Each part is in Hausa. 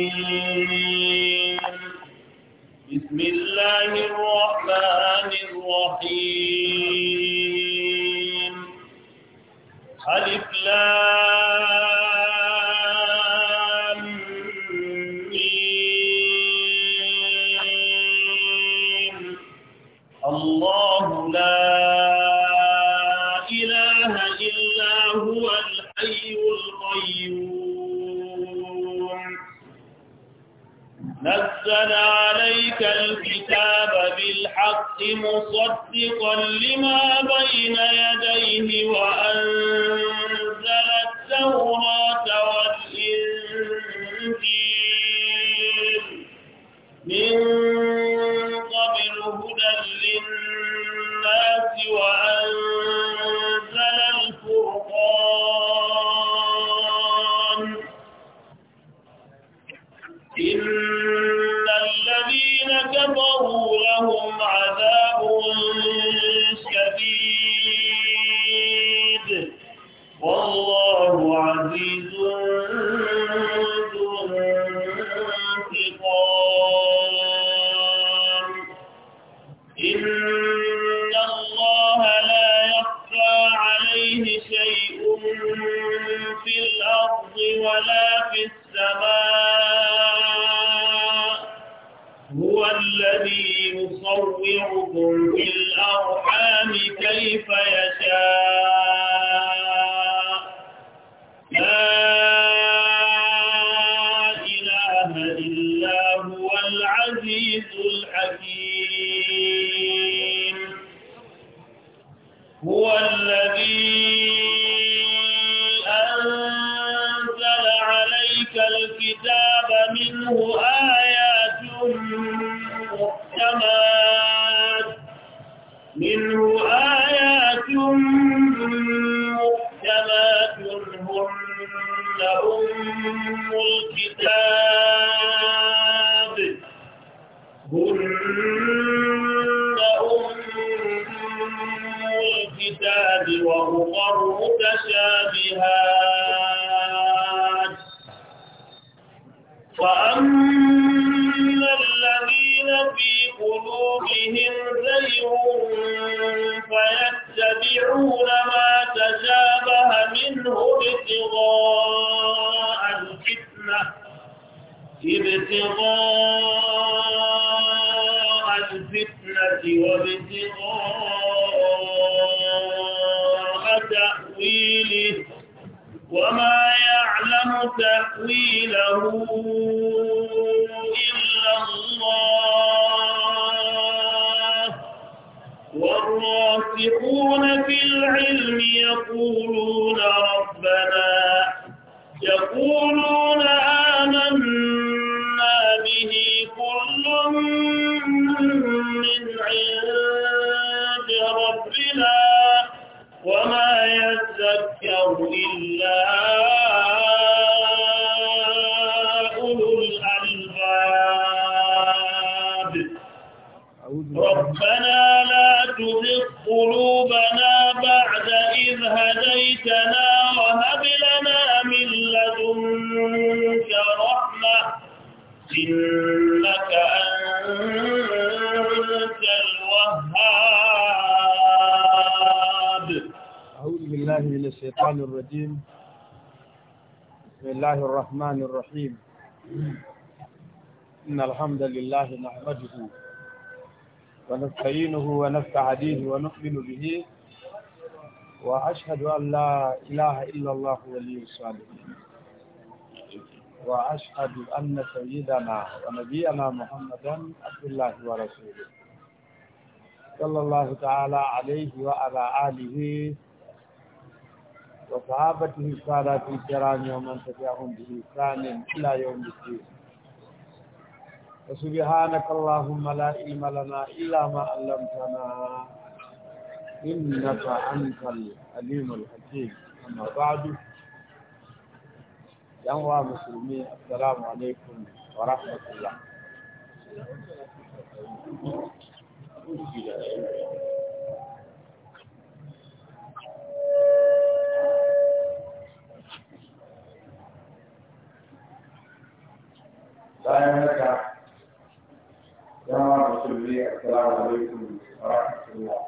الرجيم بسم الله الرحمن الرحيم حلف لام مصدقا لما بين يديه وأنزل التوراه أم الكتاب ابتغاء الفتنة وابتغاء تأويله وما يعلم تأويله إلا الله والراسخون في العلم يقولون الرجيم بسم الله الرحمن الرحيم إن الحمد لله نحمده ونستعينه ونستعديه ونؤمن به وأشهد أن لا إله إلا الله ولي الصالحين وأشهد أن سيدنا ونبينا محمدا عبد الله ورسوله صلى الله تعالى عليه وعلى آله وصحابته السادات الكرام ومن تبعهم بإحسان إلى يوم الدين وسبحانك اللهم لا علم لنا إلا ما علمتنا إنك أنت العليم الحكيم أما بعد يا مسلمين السلام عليكم ورحمة الله bayan haka yawa musulmi assalamu alaikum wa rahmatullah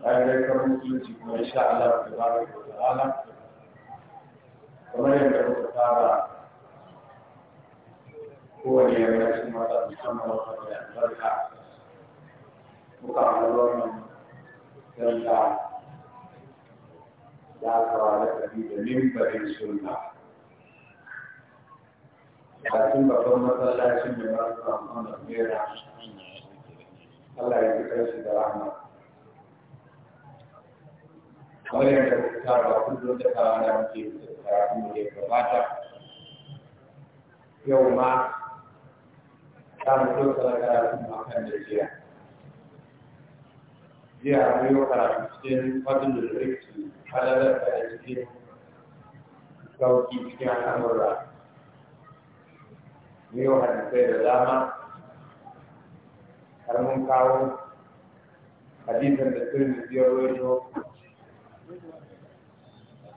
bayan dai kamar musulunci kuma insha Allah ta bari da ta'ala kamar yadda muka fara kowane yammacin mata musamman wata mai albarka muka haɗu wannan danta ya kawo da ɗabi da mimbarin sunna bakin babban masallacin da ba su samu da mera Allah ya fitar shi da rahama kamar yadda ta ba kullum da ta wani muke karatu da ya gabata yau ma ta mutu tsara karatu a kan da jiya jiya mun yi karatu cikin fadin da rikki halalar da cikin sauki cikin al'amura biyo hadisai da dama har mun kawo hadisan da sun biyo rojo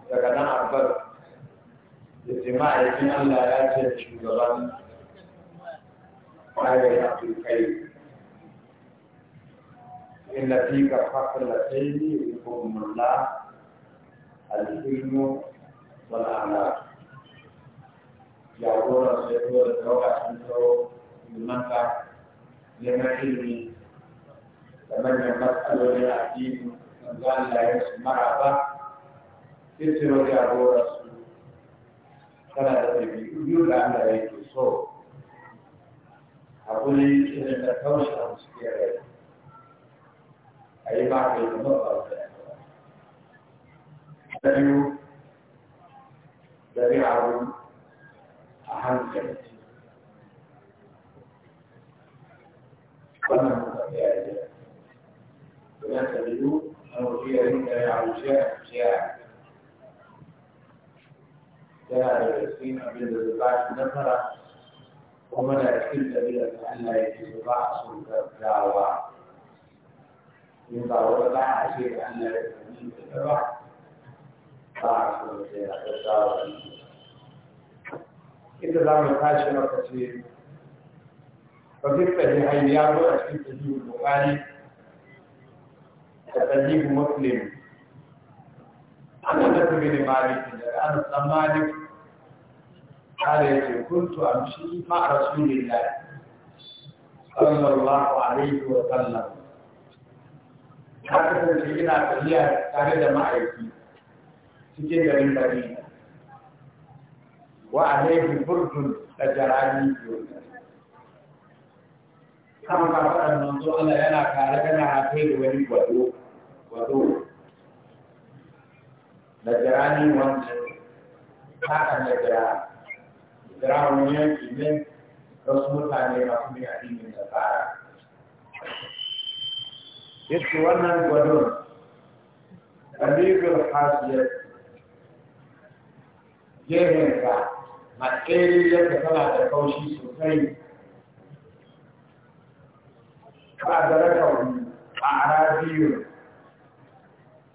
daga nan abbas da jima'aikin allah ya ce shugaban kare na kai in fi ga fasar da sai ne ko mulla alhilmu wal'amara jagoran su ya da tawaga sun zo ilmanta neman ilimi da manyan su maraba sai su yi su tana da ɗabi'u biyu da ya ke so taushe a musu ke a yi da biyu da biyu hankali wannan hankali ya yi ya tabiru an rufi ya rinka ya wuce a ciya yana da gaske abin da zuba shi nasara kuma da cikin ɗabi'ar da Allah ya ke zuba a sun gaggawa in ba wata za a ce da Allah ya ke zuba ba a sun gaggawa إدلام الحاشم الكثير فقلت في حيبيانه أشكي تجيب البخاري تجيب مسلم أنا نتبين مالك أنا سمالك عليك كنت أمشي مع رسول الله صلى الله عليه وسلم حتى تجينا تجيب تجيب معي في تجيب المدينة wa alaihi burdun da jarani biyu kama ka faɗa manzo Allah yana kare yana hafe da wani gwado gwado da jarani wancan, haka da jira jira wani yanki ne wasu mutane masu ne addinin da tsara yake wannan gwadon ɗalibin hasiyar jehensa a tsere yadda tana da kaushi sosai ba da rakauni a arabiyu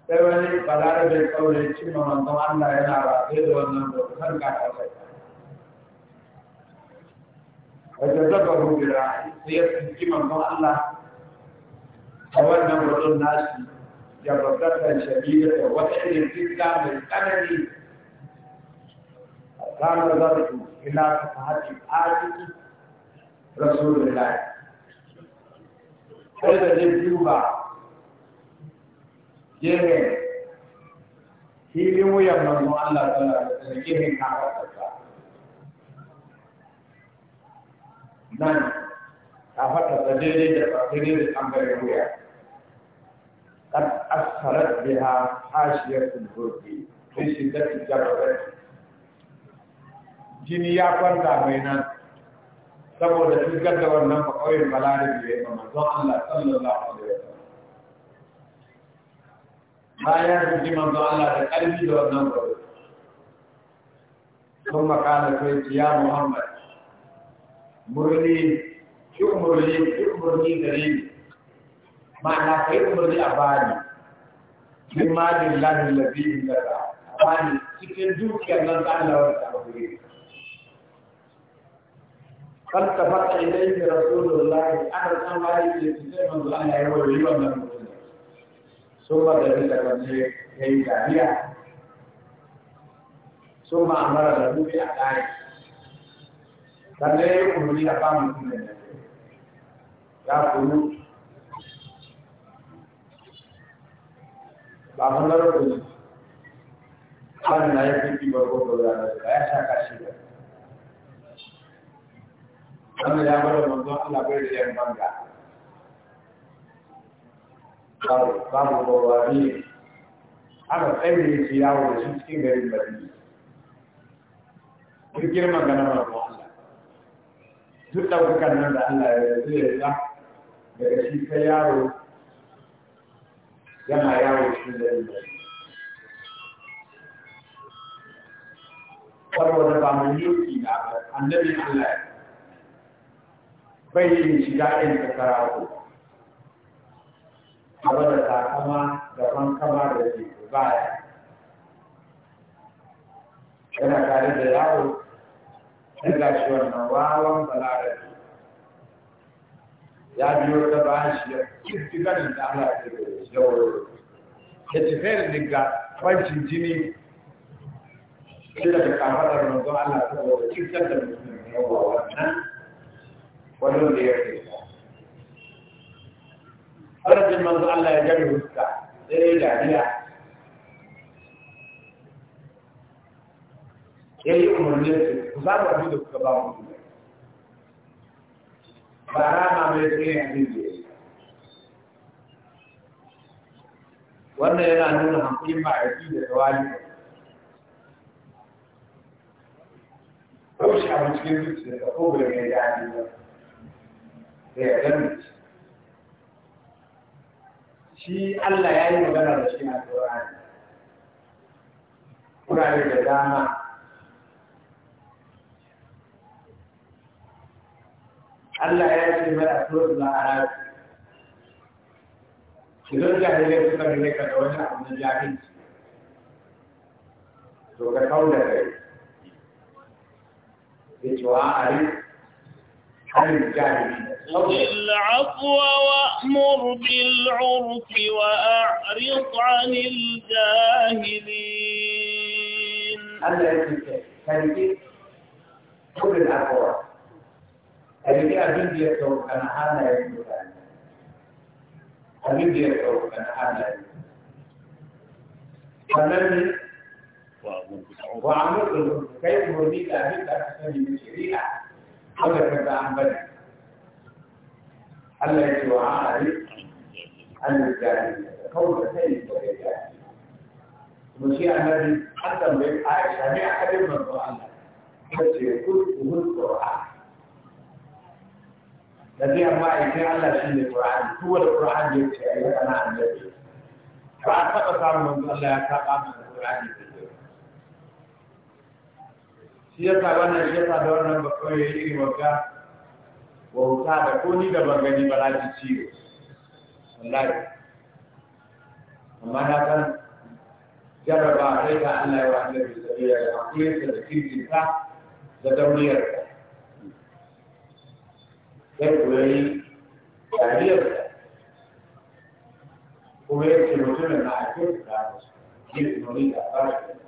sai wani balarabe kauye cimma manzon Allah yana ba rafe da wannan dokar kaka sai wata zaba rubira sai ya tsinci manzon Allah a wannan rudun nashi ya babbar da shari'a da wata irin fitna mai tsanani لا نظر إلا كفهات آية رسول الله هذا الجوبة جهة هي يوم wuyan الله تعالى na كعبة nan kafata ta daidai da tsakiri da ɓangaren wuya kan asarar biha hashiyar kulburbi fi shiddatin jarrabar jini ya kwanta mai nan saboda shigar da wannan bakawai balarin da ya yi manzon Allah sallallahu alaihi wasallam bayan ji manzon Allah da ƙarfi da wannan bakawai sun makala sai ya Muhammad murni ki murni ki murni gare ni ma'ana kai murni a bani min ma lillahi allazi illaka bani cikin dukiyar nan da Allah ya tsare قد تفت إليه رسول الله أهل الله يجب أن الله يهو ليه من المسلم ثم دليل من هي جميع ثم أمر له بأعلاه dan dia pun dia akan mungkin ya dulu bahan baru dulu kan naik di bawah bawah saya saya kasih dia wannan ya bada manzon Allah bai da yan banga babu bawari ana ne da yawo da shi cikin garin Madina duk girman ganin manzon Allah duk ɗaukukan nan da Allah ya zai ya daga shi ta yaro yana yawo cikin garin Madina saboda ba mu yi yuki da annabi Allah ya bai shi daɗin ɗin ta karatu gaba da takama da fankama da ke baya yana tare da yawo ɗin gashi wannan wawan balarar ya biyo ta bayan shi ya kirki da Allah ke da wuri ya ci fere daga kwancin jini shi daga kafaɗar manzon Allah ta wuri kirkar da mutum ya wawa wannan wani da ya ke farajin manzo Allah ya jari huska sai ya dariya ya yi umarnin su ku samu abin da kuka ba mu ba rama mai tsaye abin da ya yi wannan yana nuna hankulin ma'aiki da tawali ko shi a cikin zuciya ko bai mai daɗi ba da yardar mace shi Allah ya yi magana da shi na Qur'ani kurare da dama Allah ya ce mana suratul A'raf idan jahilai suka rike ka da wani abu na jahilci to ka kaula kai ya ce wa a العفو وأمر بالعرف وأعرض عن الجاهلين خذ العفو أبي أبين بيته أنا حالا يقول أبين بيته أنا حالا فمن وعمر كيف هديك أبيك أحسن من شريعة haka ka ga an bada Allah ya ce wa ari an jari kawai da sai da ya jari kuma shi annabi an tambaye Aisha ne a kadin manzo Allah ta ce kulkuhul Qur'an da zai amma idan Allah shi ne Qur'an kuwa da Qur'an ya ce ayyuka na annabi ba a taɓa samun manzo Allah ya saba mana Qur'ani shi ya sa wannan ya sa da wannan ba kawai iri wagga wauta da ko ni da ban gani ba na ji ciwo wallahi amma na san jarraba sai ka Allah ya wa annabi sabiya da hakurinsa da kirkinsa da dauriyarsa sai koyi dariyarsa kuma yake mutumin na a kirkinsa da su kirkin wani da ba shi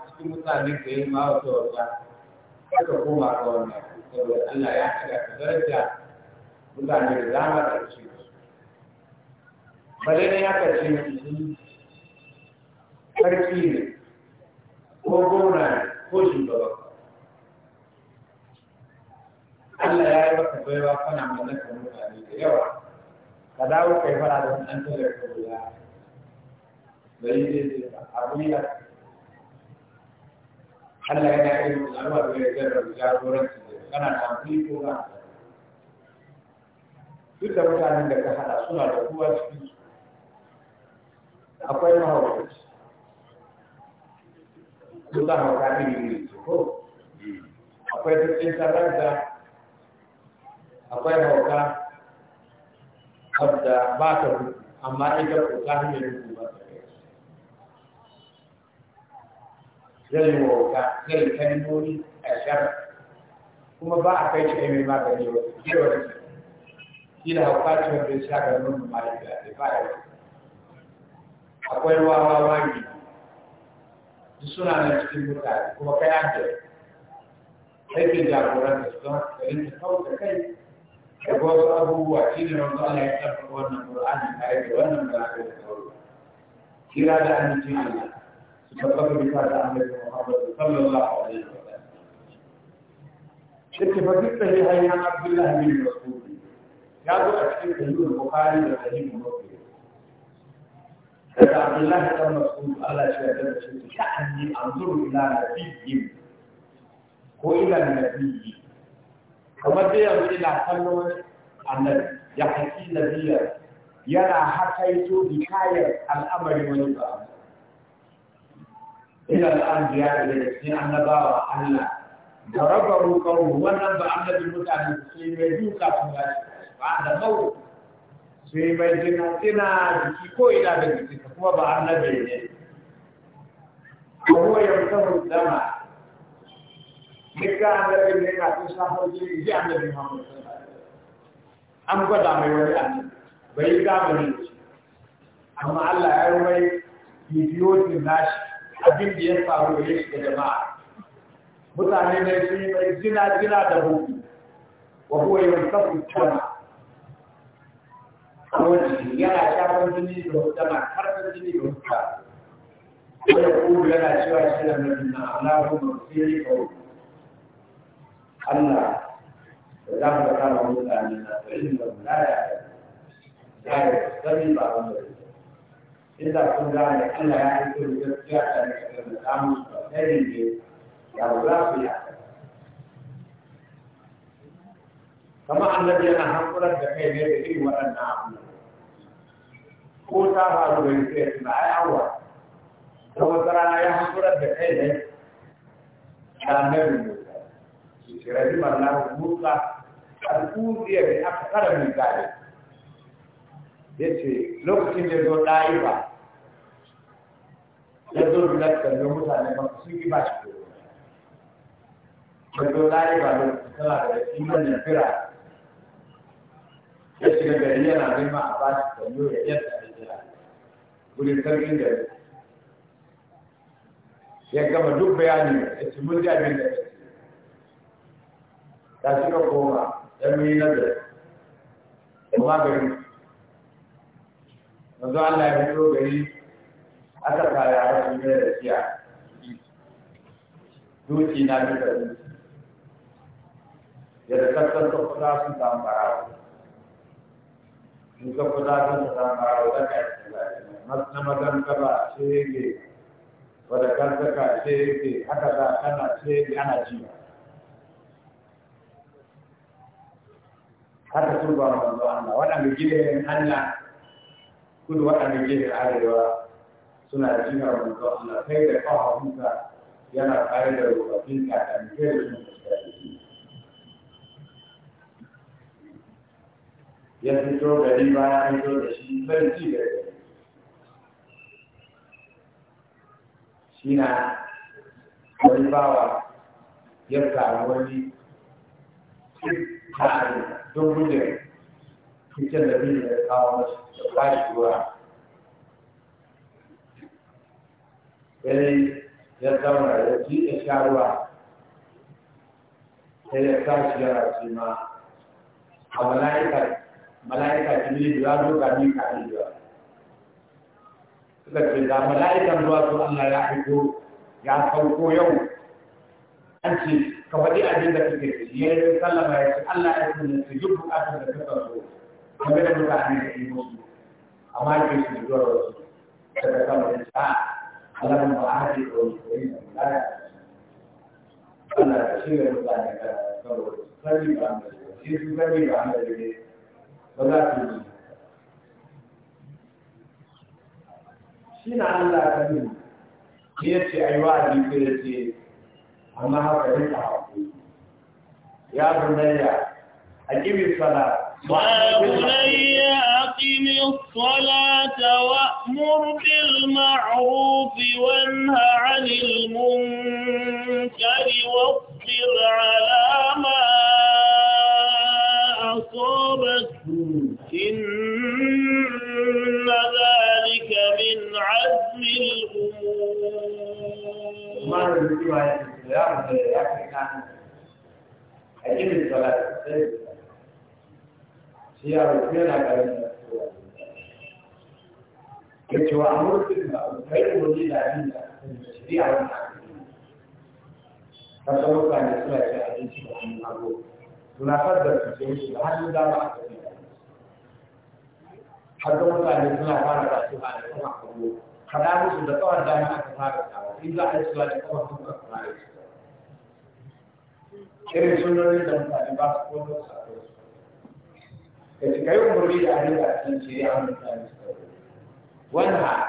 shi mutane ka yi ma wata wata koma ga wannan saboda Allah ya haɗa ka daraja mutane da dama da shi bare ne ya kace sarki ne ko gona ne ko shugaba Allah ya yi maka baiwa kana mallakar mutane da yawa ka dawo kai fara da wannan talaka da ya bai yi abu ya Allah yana yin da ya zarra jagoranci kana da hankali ko ba duk da mutanen da ka hada suna da kowa cikin su akwai mahaukaci ko za hauka iri ne ko akwai cikin sarrafa akwai hauka wadda ba ta amma ita ko ta hanyar rubutu ba ta zai wauta zai kalmomi a shar kuma ba a kai shi mai magani wa kewar shi da hauka ce wanda ya sha ma mu mai da ba ya akwai wawa wani suna nan cikin mutane kuma kai an da aikin jagoran da su don garin da kawo da kai da wasu abubuwa shi ne wanda Allah ya tsarkaka wannan Qur'ani tare da wannan da aka yi da kira da an ji Allah تتفق بهذا عن محمد صلى الله عليه وسلم اتفقت به هي عن عبد الله بن مسعود يا ابو اكيد البخاري وصحيح مسلم عبد الله بن مسعود على شهادة كأني أنظر إلى نبي وإلى النبي كما بيان إلى كلمة النبي يحكي نبيا يرى حكيت بكاية الأمر والبعض إلى الأنبياء الذين أنبأوا الله ضربه قومه ونبأ النبي موسى عليه السلام يدوك بعد mutane sai mai jina tana jiki ko ina da jiki kuma ba annabi ne kuma ya mutum dama an annabi ne ka kun sa hauji ji annabi Muhammad an gwada mai wani an bai yi amma Allah ya yi mai bidiyo din nashi abin da ya faru da shi da jama'a mutane ne sun yi mai jina jina da hutu wa huwa yansafu kama kawai yana shafan jini da hutama karfin jini da Kuma wanda kuma yana cewa shi da mutum na Allahumma sirri yi hutu Allah da za mu ga kama mutane na tsayin da mulaya da ya yi sani ba wanda ya yadda kun gane Allah ya yi kiri da ya ne da za yi kama annabi yana hankular da kai ta faru da yake tuna ai awa wata rana ya hankular da kai ne da annabi ne shi shirya ji marna da muka al'ubiyar da aka karami gari ya lokacin da zo ya zo da kallon mutane ba sun yi ba shi ko ko dai ba da kala da iman da fira ya shiga gari yana bin a ba shi kallo ya yadda da jira gurin sarkin gari ya gama duk bayani ya ci mun ji abin da ya ta shiga koma ya mai nazari kuma gari manzo Allah ya fito gari aka kaya wasu mai da siya duki na duka duki da kasar ta kuda sun samu barawa in ka kuda sun samu barawa ta kai na magan gaba shege wadda kan saka shege haka za kana shege ana ci haka turba manzo Allah waɗanda gidan Allah kudu waɗanda gidan arewa 现在今天我们说，现在开的豪华汽车，原来还有那个品牌，也是说，这边还有个西北地区的西南、东北也赶上我们，西南东现在这些人，他们啊。sai ya zauna ya ji ya sha ruwa sai ya tashi yana ce ma a mala'ika mala'ika jibril ya zo ga ni ka ni ba suka ce da mala'ikan ruwa su Allah ya aiko ya sauko yau an ce ka faɗi abin da kake ce ya yi sallama ya ce Allah ya ce su yi buƙatar da kasa so kamar da mutane da yi musu amma ke su zuwa wasu daga sama ya Allah na ba a ce ko ne ko ne ba ya Allah ta shirya ruwa ne ka kawo sani ba mu shi su sani ba mu da ne ba za su yi shi na Allah ta yi ne ya ce ai wa ni da ce amma haka ne ka hawo ya bunayya a gibin sala وأقم الصلاة وأمر بالمعروف وانه عن المنكر واصبر على ما أصابك إن ذلك من عزم الأمور أجل الصلاة سيارة فينا كلمة ya da a wani ka suna da su ce shi da a tafi mutane suna fara da su a da kuma kada musu da kawar a aka fara tawa in za a yi suwa da kawar su ka fara yi irin sunoni da mutane ba su kodon sa ya ce kai umarni da abin da a cikin shirya mutane su wannan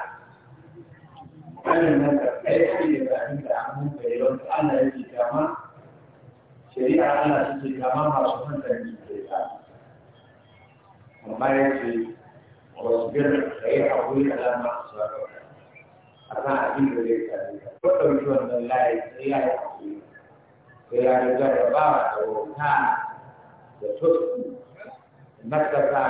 kanin nan da kai ne da an da mun bai don Allah ya ji kama shari'a Allah ya ji kama ba su san da ni ke ba amma ya ce ko gir kai a wuri da lama su ba a kan abin da zai ka ji ko dauki wannan layi sai ya yi ku sai ya yi jarabawa da wata da tutu na ta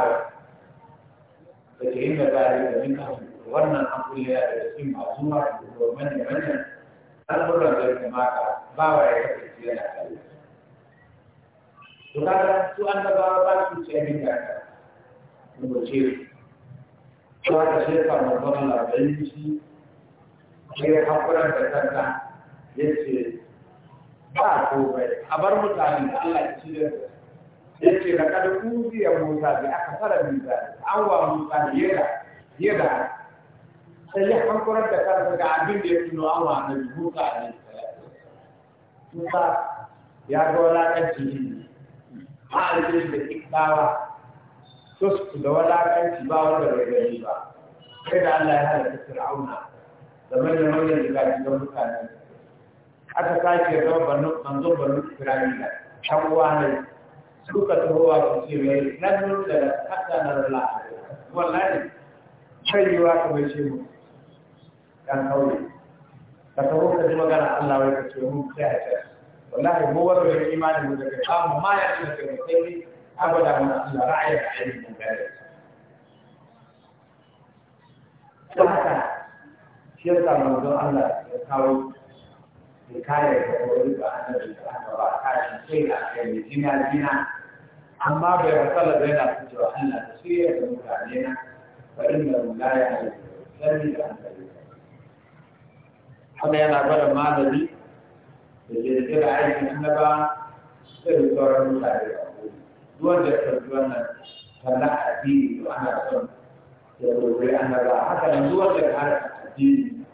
فإن ذلك منهم wannan an kulle da cikin masu ma domin da manyan al'amuran da ya maka ba wa ya kasance na kare to su an gaba ba su ce min da ka mu ce to aka shefa mu ban labarinci sai hakuran da kanka yace ba ko bai a bar mutane Allah ya ci da yace da kada kuzi ya Musa bi aka fara Musa an wa Musa yeda yeda sai ya hankurar da kansa ga abin da ya tuno an wa annabi Musa alaihi salatu Musa ya ga walakanci ne ma'arifin da ikbawa to da walakanci ba wanda bai gani ba sai da Allah ya halatta Fir'auna da manyan manyan rigaki don mutane aka sake zama manzon banu Isra'ila can uwa ne suka taho a ce mai nan da haka na rala wallahi kaiwa ka bai ce mu kan kauye ka taho ka ji magana Allah wai ka ce mu sai a ce wallahi mu wani da imanin mu daga samu ma ya ce daga sai abada mu Allah ra'ayi da ayyukan mun gare ta haka shi ya samu don Allah ya kawo kare da kawai ga annabi da Allah ba ta shi sai da kai jina jina amma bai rasala da yana cewa Allah ta shirya da mutane na farin da mulaya ne sai da hankali kuma yana gwada malami da ke da kira aikin annaba sai da sauran mutane da duwan da ta duwan nan sannan addini to ana son ya roƙi annaba haka nan duwan da ta addini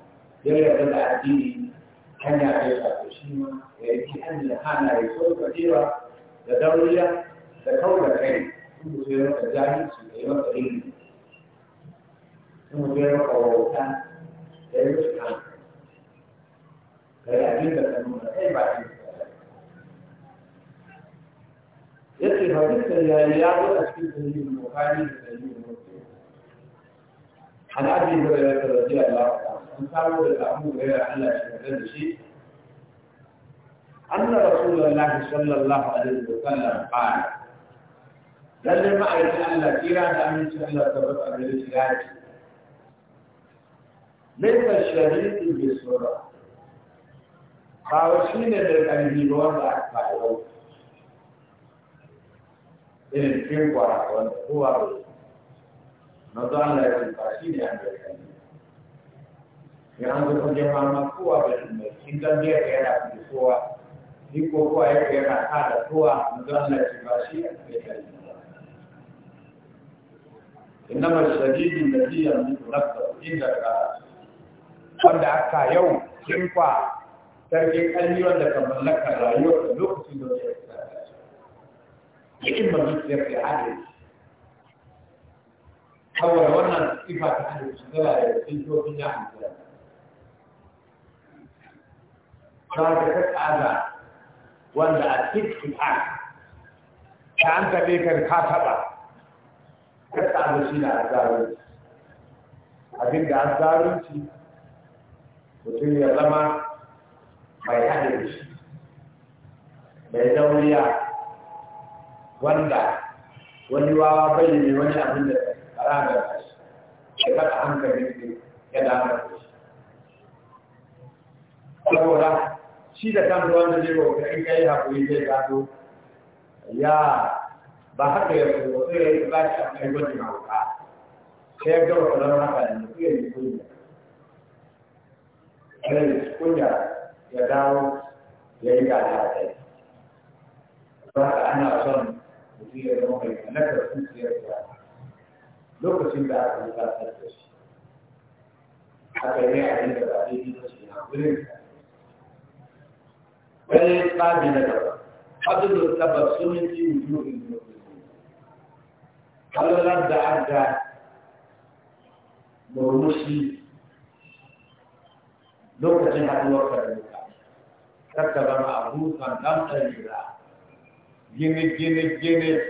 ya yarda da addini hanya da ya shafi shi ma ya yi hanya hana ya so kajewa da dauriya da kauda kai sun mutu ya maka jahilci da ya maka ilimi sun mutu ya maka wauta da ya wuce kan ka yi abin da ka nuna kai ba shi ya ce hadisin ya yi ya zo a cikin sahihin bukhari da sahihin muslim an abi hurairah radiyallahu anhu تعود الأمور إلى على هذا الشيء أن رسول الله صلى الله عليه وسلم قال لن ما يتعلى كيران أمين سهلا تبقى بالإسلاج ليس الشريط بسرعة فاوشين لكي يلوان أكبر إن كيف هو نضع لكي فاشين أمين yanzu kun je fama kowa da shi in dan yana da kowa ni ko kowa ya yana ka da kowa mun ga na shi ba shi a kai إنما الشديد الذي يملك نفسه inda القرار wanda aka yau kin kwa sarkin kalmi wanda ka mallaka rayuwar da lokacin da ya tsara ba zuciyar da saboda wannan sifa ta adalci tana da cikin dokin ya hankali ta ka kaza wanda a cikin an ta an taɓe ka ka taɓa ka tsada shi na azarunci abin da azarunci mutum ya zama mai haɗin shi mai dauriya wanda wani wawa bayyane wani abin da ranar shi ya kaɗa hankali ya damar shi saboda shi da kan wanda zai wata in kai haƙuri zai gado ya ba haka ya fi wasu ya yi ba shi a kai wani hauka sai ya gaba kwanar haka ne su yi kunya ɗan kunya ya dawo ya yi gada a kai ba haka ana son mutum ya zama mai kanakar sun siyar da lokacin da aka yi ba shi aka yi abin da ba yi ba shi na wurin بل قابلة قبل السبب سنة وجوه المسلمين قال رد عدى مرمشي لوكتين حدوة فرمكة كتب معروفا لم تجرى جنب جنب جنب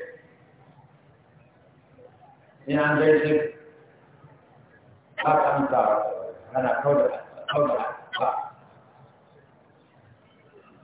إن عن ذلك أنت أنا قول قول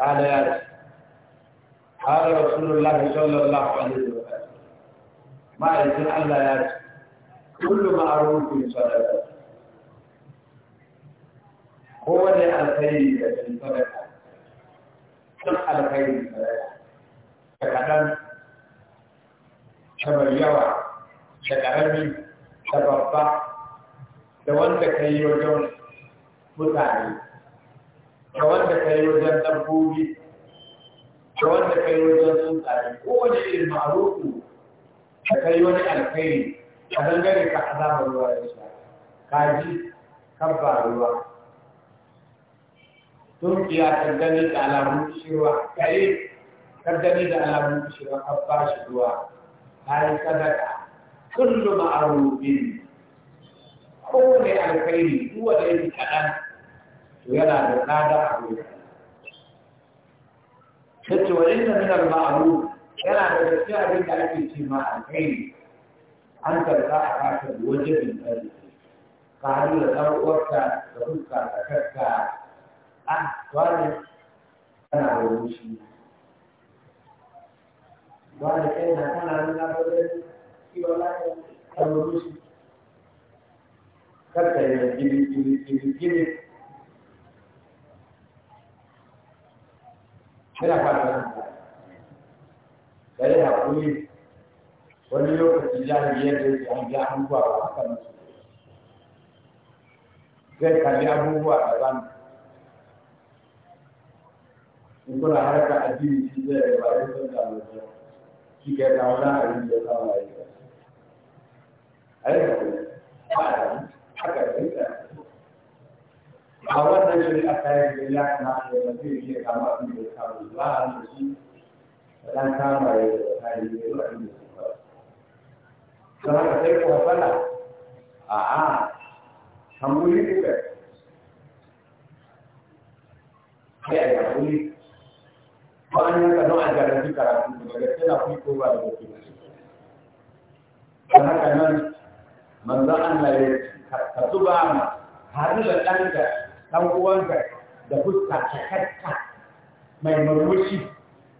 قال يا رسول الله صلى الله عليه وسلم ما يزن الله يا كل ما أروه في صلاة هو اللي الخير في صلاة صنع الخير في صلاة فكذا شبه يوع شكرمي شبه فا لو أنت كي يوجد متعلم da wanda ka yi wajen dabbobi da wanda ka yi wajen tsuntsaye ko wani irin ma'arufu ka yi wani alkhairi a dangane ka azabar ruwa ya sha ka ji kabba ruwa turkiya ta gani da alamun kishirwa kare ta gani da alamun kishirwa kabba shi ruwa ta yi sadaka a ma'arufin kowane alkhairi duwa da kaɗan to yana da tsada a gurin tace wa inna min al-ma'ruf yana da gaskiya abin da ake ce ma alkhairi an karɓa a kasar wajibin arziki ka hannu da ɗan uwarka da fuska da kakka a wani tana da wuce wani kai na tana nan na gaba kiwa lafiya a wuce kakka yana gini gini gini gini yana fata gare haƙuri wani lokaci jahili yadda yake an ja an zuwa wa haka musu zai kalli abubuwa daban in kuna harka addini shi zai da bayan sun da mutu shi kai kawo na harin da kawo a yi a yi yi haka da a wannan shari'a ta kayan da ya kamata da zai iya kama abin da ba a da shi da ɗan kama ya da kayan da ya abin da su fara. Sama da sai kuwa fana a a hambuli ne ba. Kai a yankuli. a garanti karatu daga tana kuyi ko ba da wasu ba. Don haka nan manzan Allah ya ka tuba ma har da ɗanka dan uwanka da fuska ta cakakka mai murmushi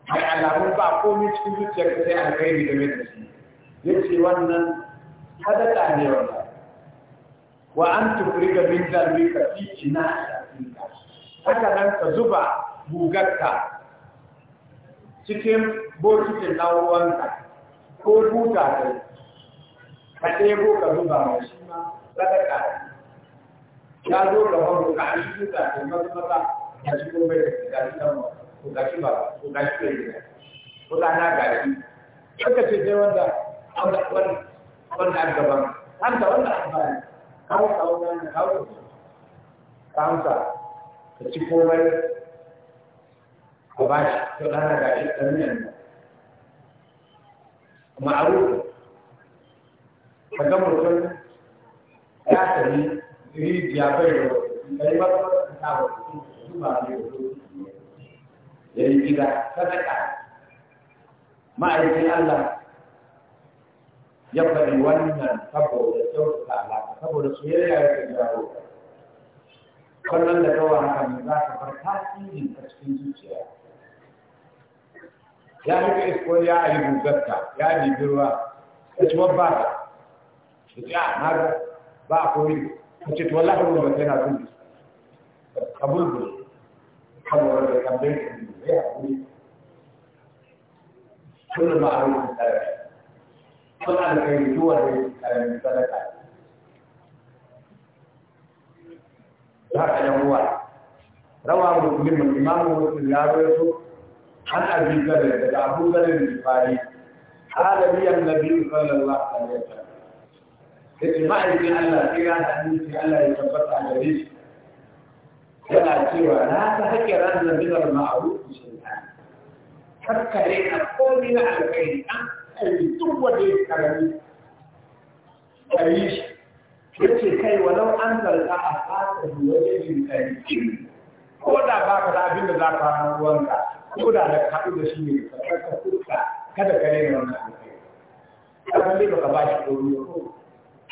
mai alamun ba komai cikin zuciyar ka sai da game da shi yace wannan sadaka ne wannan wa an ga min ka fi inaka haka nan ka zuba bugarka cikin bokitin ɗan ko buta ka ɗebo ka zuba mai shi ma sadaka ne ya zo da wani ka an shi da ke masu mata ya shi ko bai ka shi nan ko ka shi ba ko ka shi bai ko da na ga shi suka ce sai wanda an da wani wanda an gaban an da wanda an bayan kawo kawo da kawo ka amsa ka ci komai ka ba shi to da na ga shi dan nan ma'aruf ka ga mutum ya sani rijiya ya bai ba ta ba zuba ne ya yi gida ma'aikin Allah ya wannan saboda kyautata alaƙa saboda soyayya kallon da kawai haka ne za ka bar a cikin zuciya ya isko ya ya ya ba a koyi ce to wallahi mun ba yana son kabul bul kabul da kambe ya kuri kullu ma'ruf sadaka kullu alkhairi da sadaka haka yan uwa rawa muslim imamu muslim ya rawaito an abi gare daga abu gare da fari halabiyan nabi sallallahu alaihi wasallam da ma'aikin Allah sai ya hannu shi Allah ya tabbata a gare shi yana cewa na ta hake ran zambinar ma'aru shaitan kakkare a komi na alkhairi an ɗari duk wanda ya karami ɗari shi ya ce kai walau an zarga a da wajen yin ɗari ko da ba ka da abin da za ka hana ruwanka ko da da haɗu da shi ne ka karka kurka kada ka rena wannan alkhairi. Kasan dai baka ba shi ɗori ko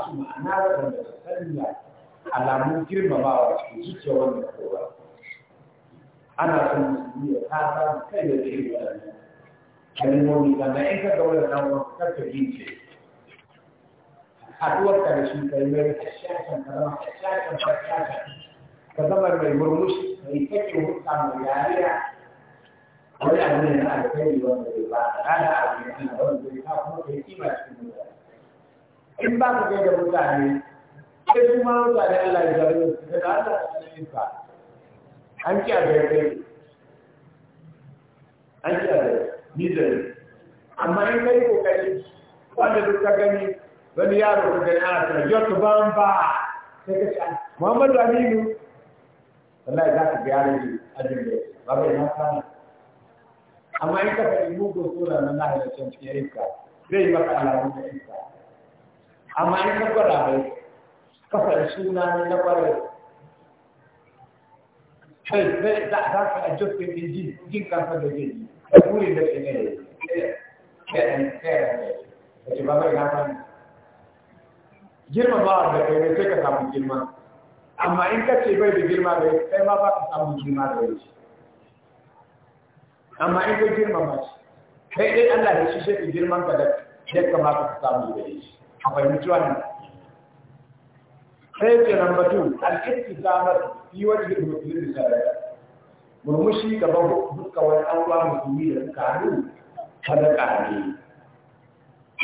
masu ma'ana waɗanda su sanya alamun girmamawa cikin zuciya wannan kowa ana son musulmi ya kasa kai da zai waɗannan kalmomi sannan in ka ga waɗannan wani karka gince haɗuwar ka da shi kai mai kashashen ka kashashen kashashen ka zama mai murmushi mai kake hutsa mai yariya wani abu ne na alkhairi wanda zai ba a rana abu ne ana wanda zai ka kuma kai kima cikin mutane in ba ka gaida mutane sai su ma mutane Allah ya zaɓe su ka Allah ya zaɓe ka an ci a gaida an ci a gaida nizari amma in kai ko kai wanda duk ka gani wani yaro ko gani ana tana yau ba ba sai ka ci Muhammadu Aminu wallahi za ka ga yaron shi a jirgin ba bai na sana amma in ka faɗi mugun sura na lahira can cikin iska zai yi maka alamun da iska amma in ka gwada mai kafar suna na kwarar kai zai za ka ajiyar ɗin jin jin kafa da jin a kuri da shi ne kayan kayan da ke babar gafa girmamawa da kai sai ka samu girma amma in ka ce bai da girma da kai ma ba ka samu girma da yau amma in ka girmama shi kai dai Allah da shi shi girman ka da ya kamata ka samu da a fahimci wannan sai ce nan batun al'irki samar yi wani da musulmi da sarari murmushi gaban duka wani an ruwa musulmi da suka hannu sadaka ne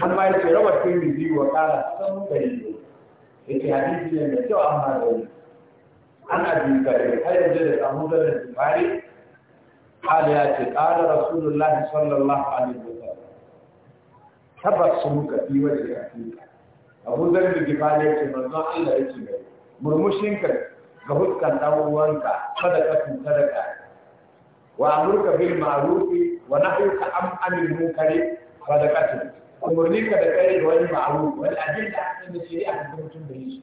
amma ya ta rawar tirmidhi wa qala san bayyi yace hadisi ne mai kyau amma da an abi kare har yanzu da Abu Dawud da Bukhari قال يا قال رسول الله sallallahu alaihi wa sun ka fi wa da fi abu zan da gifali ya ce manzon Allah yake gari murmushin ka ga hukkan dawowar ka kada ka tuta da ka wa amurka bil ma'rufi wa ka am anil munkari sadaqatun umurni ka da kai da wani ma'ruf wal ajinda da shari'a da mutum da shi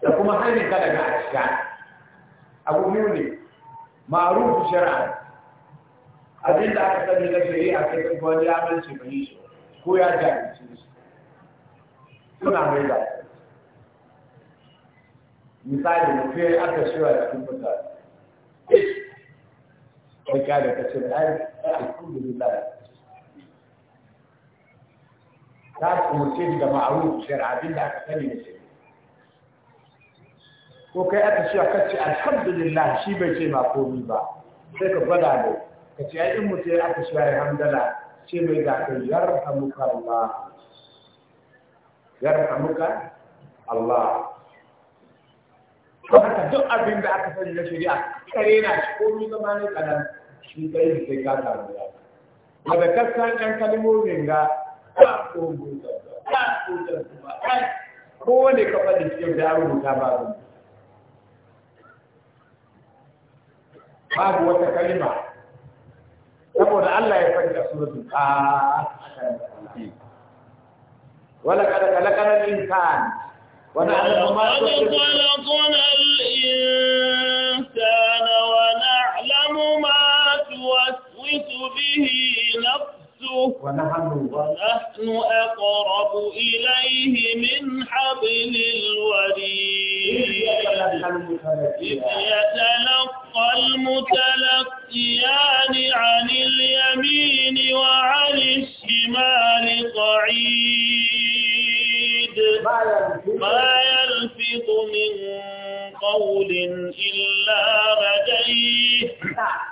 da kuma hanyar ka daga ashka abu biyu ne ma'ruf shar'a abin da aka sani na shari'a sai ka ga wani yamin shi bai shi ko ya jahilci shi suna mai da misali mutum ya aka shiwa cikin mutane kai ka da kace da ai alhamdulillah ta mutum da ma'ruf shar'a abin da aka sani ne ko kai aka ce kace alhamdulillah shi bai ce ma komai ba sai ka gwada da ka ce in mutum aka shi ya hamdala ce mai ga kai yarhamuka Allah yarhamuka Allah haka duk abin da aka sani na shari'a kare na shi komi zama ne kanan shi kai sai ka samu ya ba da kasan ɗan kalmomin ga ba ko gusa ba ko tarku ba ko ne kafa da ke da rubuta ta ba babu wata kalma saboda Allah ya faɗi a suratul qaf wala kada kala kana insan wala kada kala الإنسان ونعلم ما توسوس به نفسه ونحن أقرب إليه من حبل الوريد إذ يتلقى المتلقيان عن اليمين وعن الشمال قعيد ما يلفظ من قول إلا بديه نعم.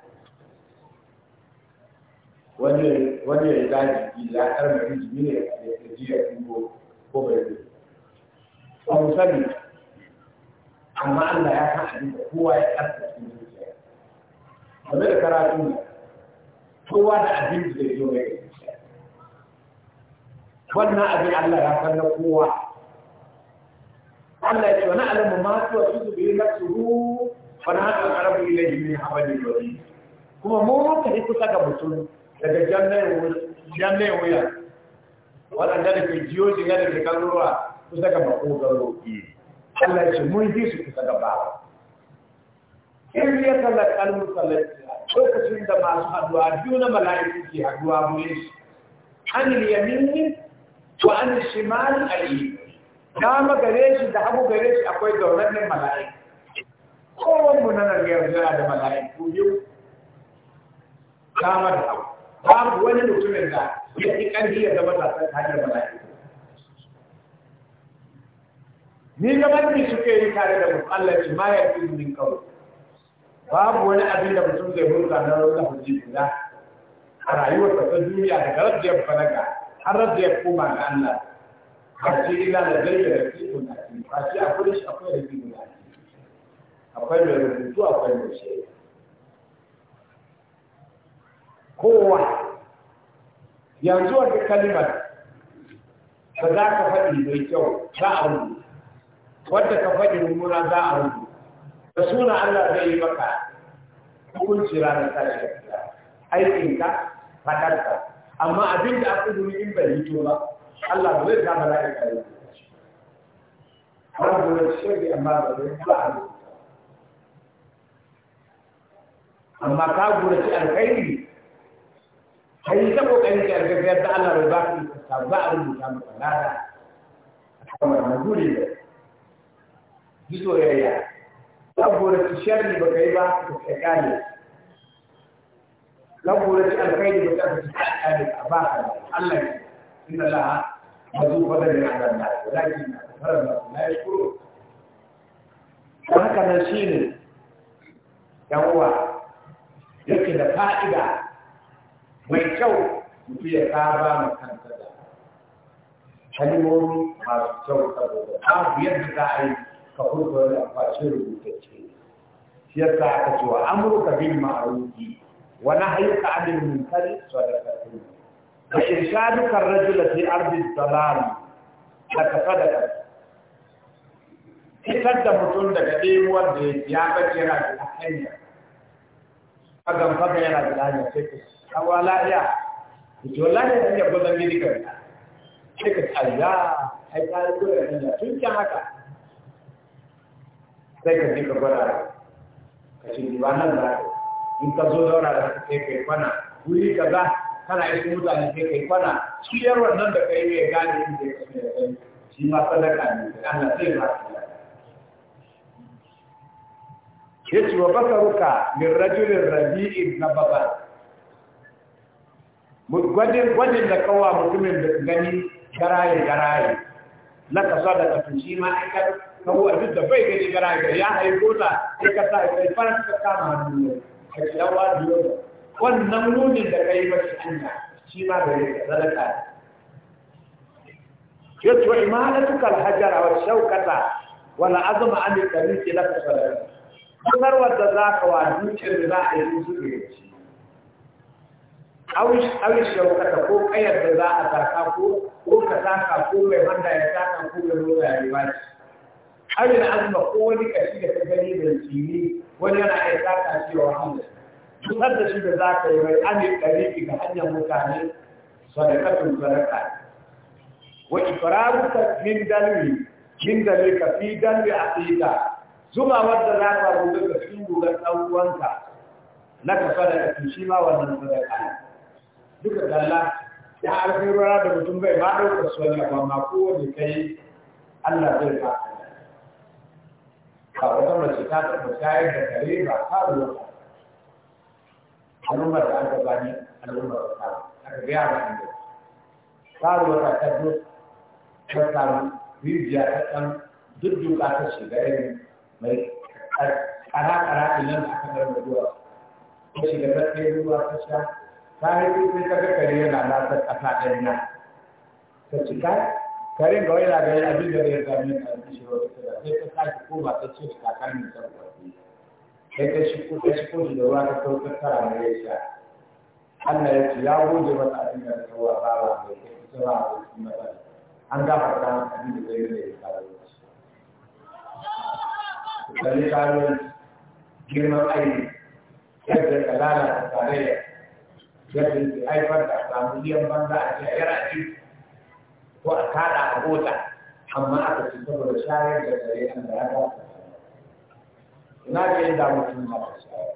wani ya za riga jiki ya karma jiki ne ya ji ya dubo ko bai zai A mu sani amma Allah ya san abin da kowa ya karta cikin zuciya game da karatu ne, kowa da abin da zai zo mai zuciya wannan abin Allah ya san na kowa Allah ya ce wani alamu masu wasu su biyu na tsuru wani hannun arabu ilahi jimi haɓar da yau kuma mu muka yi kusa ga mutum daga janne wuya waɗanda da ke jiyo jiya da ke ruwa, kusa ga makogaro Allah ce mun ji su kusa gaba in ya talakar musalarci lokacin da masu haduwa biyu na mala'iku ke haduwa bule su an yi wa an shimali ayi dama gare shi da hagu gare shi akwai zaurannin mala'iku kowanne na nan yarda da mala'iku biyu dama da hagu babu wani mutumin da ya yi ƙarfi ya zama tasar hanyar mala'iku ni ga ne suke yi tare da mutum Allah ce ma ya fi min kawo babu wani abin da mutum zai hulɗa na rauta hujji guda a rayuwar ta duniya daga rabjiyar falaga har rabjiyar koma ga Allah ba ce ila da zai da rafi kuna ba ce akwai shi akwai rafi kuna akwai mai rubutu akwai mai shaida kowa yanzu wata kalimar ba za ka faɗi mai kyau za a rubu wadda ka faɗi mummuna za a rubu da suna Allah zai yi maka hukunci ranar tashi aikinka faɗarka amma abin da aka zuri in bai hito ba Allah zai zama la'ika ya Rabu da shirya amma ba zai kula a amma ka gura ci alkhairi ta ko ta kokarin ka yarda yadda Allah ba baka iko ka ba a rubuta maka lada a kan wannan guri ne ji soyayya saboda ki sharri baka yi ba ka kare saboda ki alkhairi ta ka kare a ba ka Allah inna Allah mazu fadalin ta Allah walakin na ya la yashkuru haka nan shine yan uwa yake da fa'ida mai kyau mutu ya saba ma kansa da kalmomi masu kyau saboda babu yadda za a yi ka furta wani akwacin rubutacce shi yasa aka ce wa amurka bil ma'rufi wa nahyuka 'anil munkari sadaqatun wa irshaduka ar-rajula fi ardi dalal laka sadaqatun fitar da mutum daga ɗemuwar da ya bace yana da hanya a gamfa yana da hanya sai awa lafiya ita wallahi da ya gwazon gidi kan sai ka tsalla ai tsari ko da tun can haka sai ka ji ka gwada ka ci ba nan da ka in ka zo zauna da ka kai kai kwana wuri ka za kana yi mutane sai kai kwana ciyar wannan da kai ne gane inda ya kasance da kai shi ma sadaka ne Allah sai ba ka yace wa basaruka min rajulin rabi'in na babar gwadin gwadin da kawa mutumin da gani garaye garaye na kasa da kafin shi ma ai ka kawo duk da bai gani garaye ya haifo ta sai ka sa kai fara ka kama hannu ka ci yawa biyo wannan nunin da kai ba shi hanya shi ma da ya zalaka yace wa imanatuka alhajara wa shawkata wala azma an tariqi laka salat kamar wadda ka wa dukiyar da za a yi su ne awish ko kayar da za a saka ko ko ka ko mai wanda ya saka ko da roba ya riba shi awil azma ko wani kashi da ta gani da jini wani yana iya shi wa hannu cutar da shi da za ka yi mai amin ɗari ga hanyar mutane sadakatun sadaka wa ikraruka min dalwi min dalwi ka fi dalwi aqida Zuma wadda za ka rubuta cikin gugan ɗan uwanka na ka sadaka shi ma wannan sadaka duka dalla ya arfi rana da mutum bai ma ɗaukar su wani amma ma kowane kai Allah zai ba ba wata mace ta taɓa shayar da kare ba ta ruwa al'ummar da aka bani al'ummar da ta aka gaya ba inda ta ruwa ta duk ta samu rijiya ta ɗan dudduka ta shiga irin mai ƙara-ƙara ɗinan da aka bar da ruwa ta shiga ta ruwa ta sha ta haifi sai ka kare yana lasar ƙasa ɗari na ta cika karen ga yana ganin abin da ya zami a cikin wata kada sai ta sake ko ba ta ce da kakar mai san kwafi sai ta shi ko ta shi ko da ruwa ta kawo tattara na ya sha Allah ya ce ya goge mata abin da ta wa fara mai kai ta ba a wasu matsala an gafa gafarta abin da zai yi da ya karuwanci. Kari karuwanci girman aiki, yadda kalala ta tarayya yadda ke haifar da samu liyan banza a ce a yi rafi ko a kada a gota amma aka ci saboda shayar da tsare an da ya ba ina ga yin mutum ma ta shayar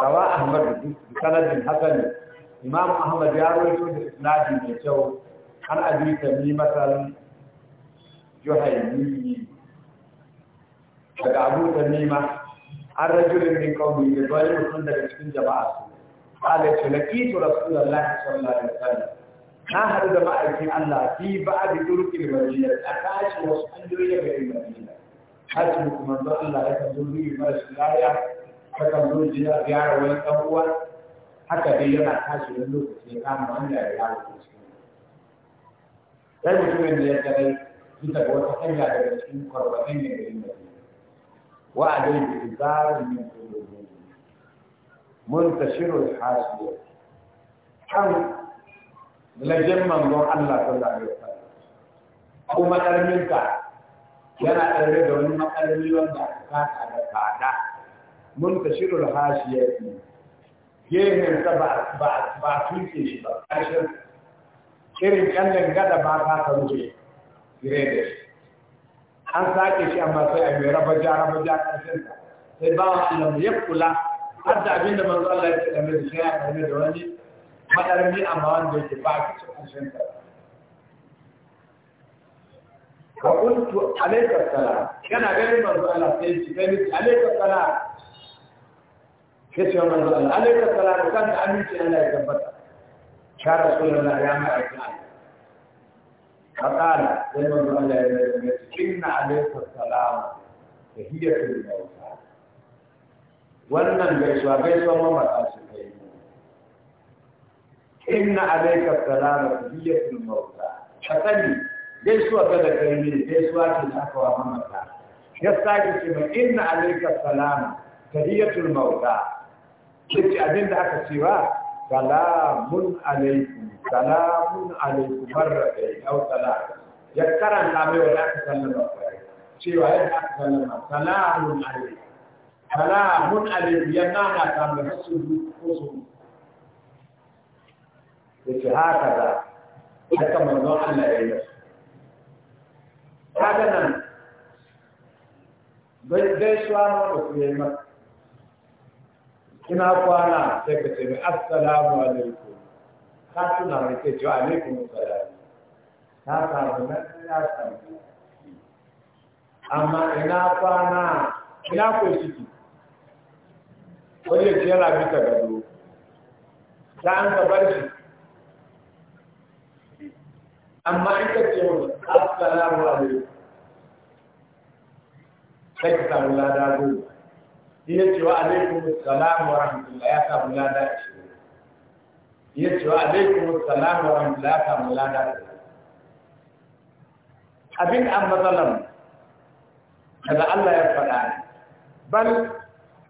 rawa ahmad sanadin ne, imam ahmad ya rawaito da isnadi mai kyau an abi tamimatal juhaymi daga abu tamima an rajulin min kawmi da wani mutum daga cikin jama'a su قال لقيت رسول الله sallallahu alaihi عليه وسلم na haɗu da ma'aikin Allah fi ba a da turkin madina a tashi wasu an jirya garin madina hajji kuma don Allah ya kan zurri mara shi laya ta kan zurri a gyara wani ɗan uwa haka dai yana tashi wani lokaci ya kama wanda ya yawo ko shi sai mutumin da ya tare bisa ga wata hanya daga cikin kwarwatin ne garin madina wa'adai da zarin min kudu منتشر الحاشية حم لجم من دون الله صلى الله عليه وسلم أو ما ألمك جرى ألمك وما ألمي وما كان على بعد منتشر الحاشية جيه من تبع تبع تبع فيكي بعشر كريم كان لنجد بعضها تنجي كريدش أنت أكيد أما سأمي ربجا ربجا كسنة سيبا لم يقل har da abin da manzo Allah ya ce game da shi ya game da wani madarami amma wanda yake ba ka cikin shanta wa qultu alayka salam kana ganin manzo Allah sai shi sai alayka salam kace manzo Allah alayka salam kan aminci Allah ya tabbata ya rasulullah ya ma aika فقال لمن قال إن عليك السلام تحية الموتى wannan gaisuwa gaisuwa mamata su kai inna alaika salama biyatul mauta ka sani gaisuwa ga da kai ne gaisuwa ce ta kawa mamata ya sake ce ma inna alaika salama tahiyatul mauta kace abin da aka cewa salamun alaikum salamun alaikum barkai au salam ya karanta mai wanda aka sallama cewa ya aka sallama salamun alaikum salamun alaiya na na kamar hasu ko su haka da kama manzon Allah ya yi haka nan bai gaisuwa na wanda ku yi maka ina kwana sai ka ce mai assalamu alaikum ka tuna mai ce ce alaikum salam ta samu na ya samu amma ina kwana ina ko shi ki? wani yace yana bisa gado ta an ka bar shi amma in ka ce mun assalamu alaikum sai ka samu lada goma iya cewa alaikum salam wa rahmatullah ya samu lada ce iya cewa alaikum salam wa rahmatullah ya samu lada ce abin an matsalar daga Allah ya faɗa bal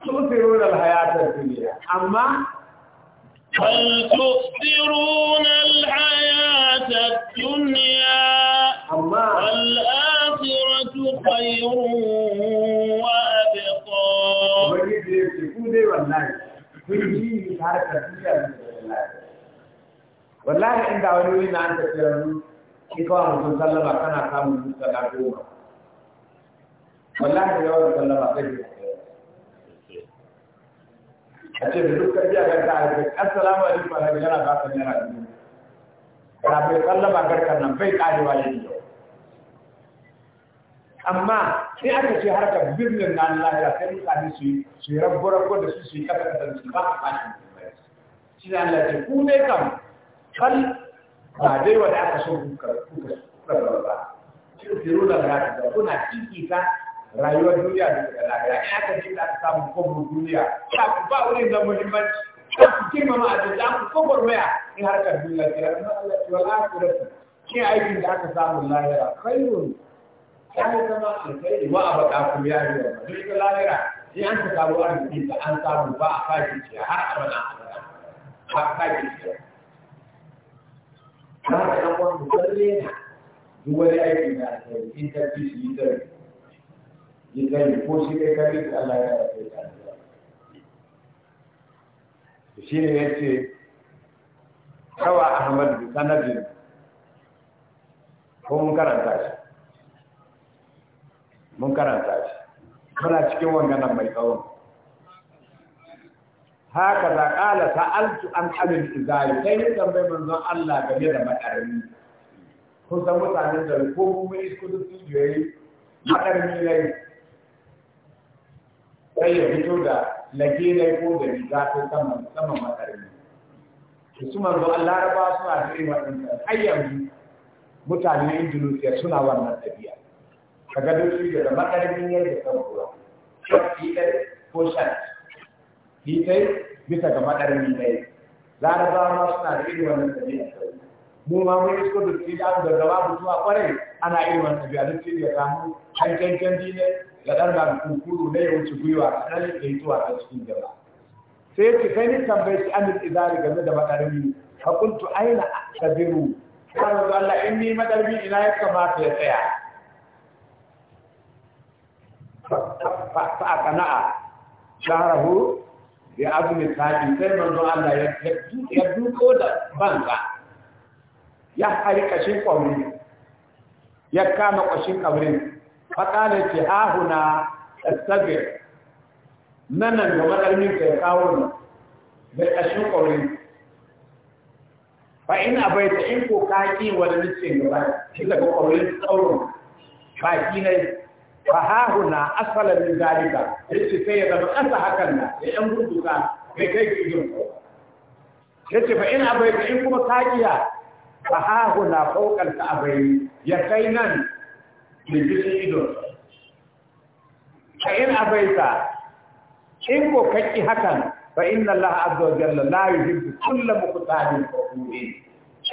تؤثرون الحياة الدنيا أما هل تؤثرون الحياة الدنيا أما الآخرة خير وأبقى والله إن أولي ما أنت ترون إقامة صلى الله عليه وسلم كان أقام المسجد والله يقول صلى الله عليه وسلم a ce da dukkan jiya ga ta haifi assalamu alaikum alaikum yana ba ta naira biyu kafin sallama garkar nan bai karewa ya yau. amma sai aka ce harkar birnin na lafiya sai mutane su yi su yi rabbo-rabbo da su su yi kasa kasa su ba a fashin shi na lafiya ku ne kam kal ba dai wanda aka so kuka kuka kuka ba ku firu da rata da kuna kiki ta rayuwar duniya da daga lahira in aka ce aka samu kofar duniya ta ba wurin da muhimmanci ta ku girmama a da ku kofar maya in harkar duniya ce ranar Allah ce wal akhiratu shi aikin da aka samu lahira kai khairun ya yi zama alkhairi wa abada ku ya yi wa duk da lahira in an ta samu arziki da an samu ba a kaji ce har abada ba a kaji ce ta haka ɗan wani musalle na duk wani aikin da aka yi, in ta fi shi yi yi ko shi kai kare da Allah ya yi ta da shi ne ya ce kawa Ahmad bi sanadin ko mun karanta shi mun karanta shi muna cikin wanganan mai tsawon haka za ƙala sa'altu an amin izari sai ni tambayi manzon Allah game da makarami kusan mutanen da ko mun yi kudu su yi makarami sai ya fito da lagirai ko da riga ta saman saman matsarni to su manzo Allah ba su da irin wannan har yanzu mutanen Indonesia suna wannan tafiya kaga duk shi da matsarnin yadda kan ruwa shi ko shan shi bisa ga matsarni dai larabawa suna da irin wannan tafiya mu ma mun isko da shi da gaba mutuwa kwarai ana irin wannan tafiya duk shi da samu hankan kan ne Gadar ga da kunkuru na ya wuce gwiwa a ɗan da yi zuwa a cikin jama'a sai ce kai ni tambayi ci amin izari game da madarbi hakuntu aina Ya kan Allah in ni madarbi ina ya kamata ya tsaya fa kana'a sharahu bi azmi sa'in sai manzo Allah ya ya duko da banka ya harika shi kwamri ya kama kwashin kabrin faƙalar ce ahuna tsagir nan nan da matsarmin ka ya kawo nan da ƙashin ƙaurin ba ina bai ta in ko kaƙi wani nufin ba shi daga ƙaurin tsaurin baki ne fa hahuna asalan min dalika yace sai ya zama ƙasa hakan na da yan gurduka bai kai ke yin ko ce fa ina bai ta in kuma kaƙiya fa hahuna a ka'abai ya kai nan rigirgin idon ka in abaita in ko kaki hakan fa inna Allah azza wa jalla la yuhibbu kullu muqtadin fakhuri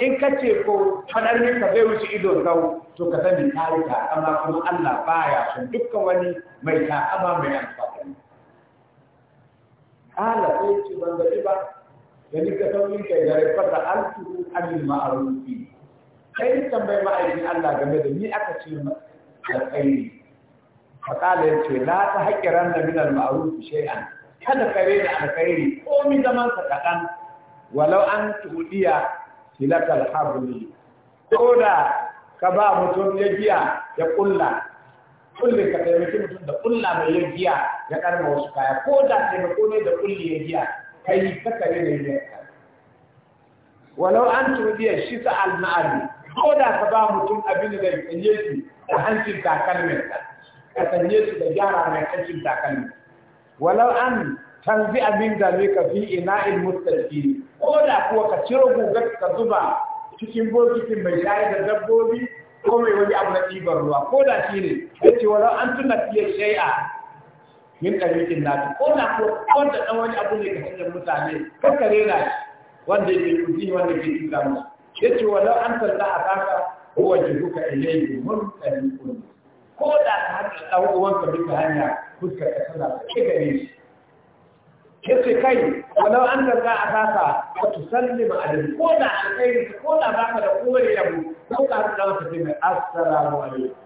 in kace ko fadar ne ka bai wuce idon kau to ka sani tarika ka amma kuma Allah baya son dukkan wani mai ta amma mai alfahari ala sai ban banga ba. yani ka taurin kai da rafata altu anil ma'rufi kai tambayi ma'aikin Allah game da ni aka ce alkhairi faƙala ya ce la ta haƙiran da minal ma'ruf shay'an kada kare da alkhairi komi zaman sa kaɗan walau an tuɗiya silakal habli ko da ka ba mutum ya giya ya ƙulla kullum ka taimaki mutum da ƙulla mai ya giya ya karma wasu kaya ko da taimako ne da ƙulli ya giya kai ka kare da ya walau an tuɗiya shi sa al-ma'ali ko da ka ba mutum abin da ya yake da hancin takalmin ka sanye su da gyara mai hancin takalmin walau an canzi abin da mai ka fi ina in mustarki ko da kuwa ka ciro gugar ka zuba cikin bokitin mai shayar da dabbobi ko mai wani abu na ɗibar ruwa ko da shi ne ya ce walau an tuna fiye shai'a min ɗarikin nasu ko da ko wanda ɗan wani abu ne ka cikin mutane ko ka rena shi wanda ke kuzi wanda ke tuka musu ya ce walau an talla a kasa ko wace duka ilaihi mulkan kun ko da ka haɗa ɗan uwanka duka hanya fuskar ka tana ke gare shi ke ce kai walau an da za a kasa ka tusallima alaihi ko da alkhairi ko da ba ka da kowane yabo ko ka haɗa ɗan ka ce mai assalamu alaikum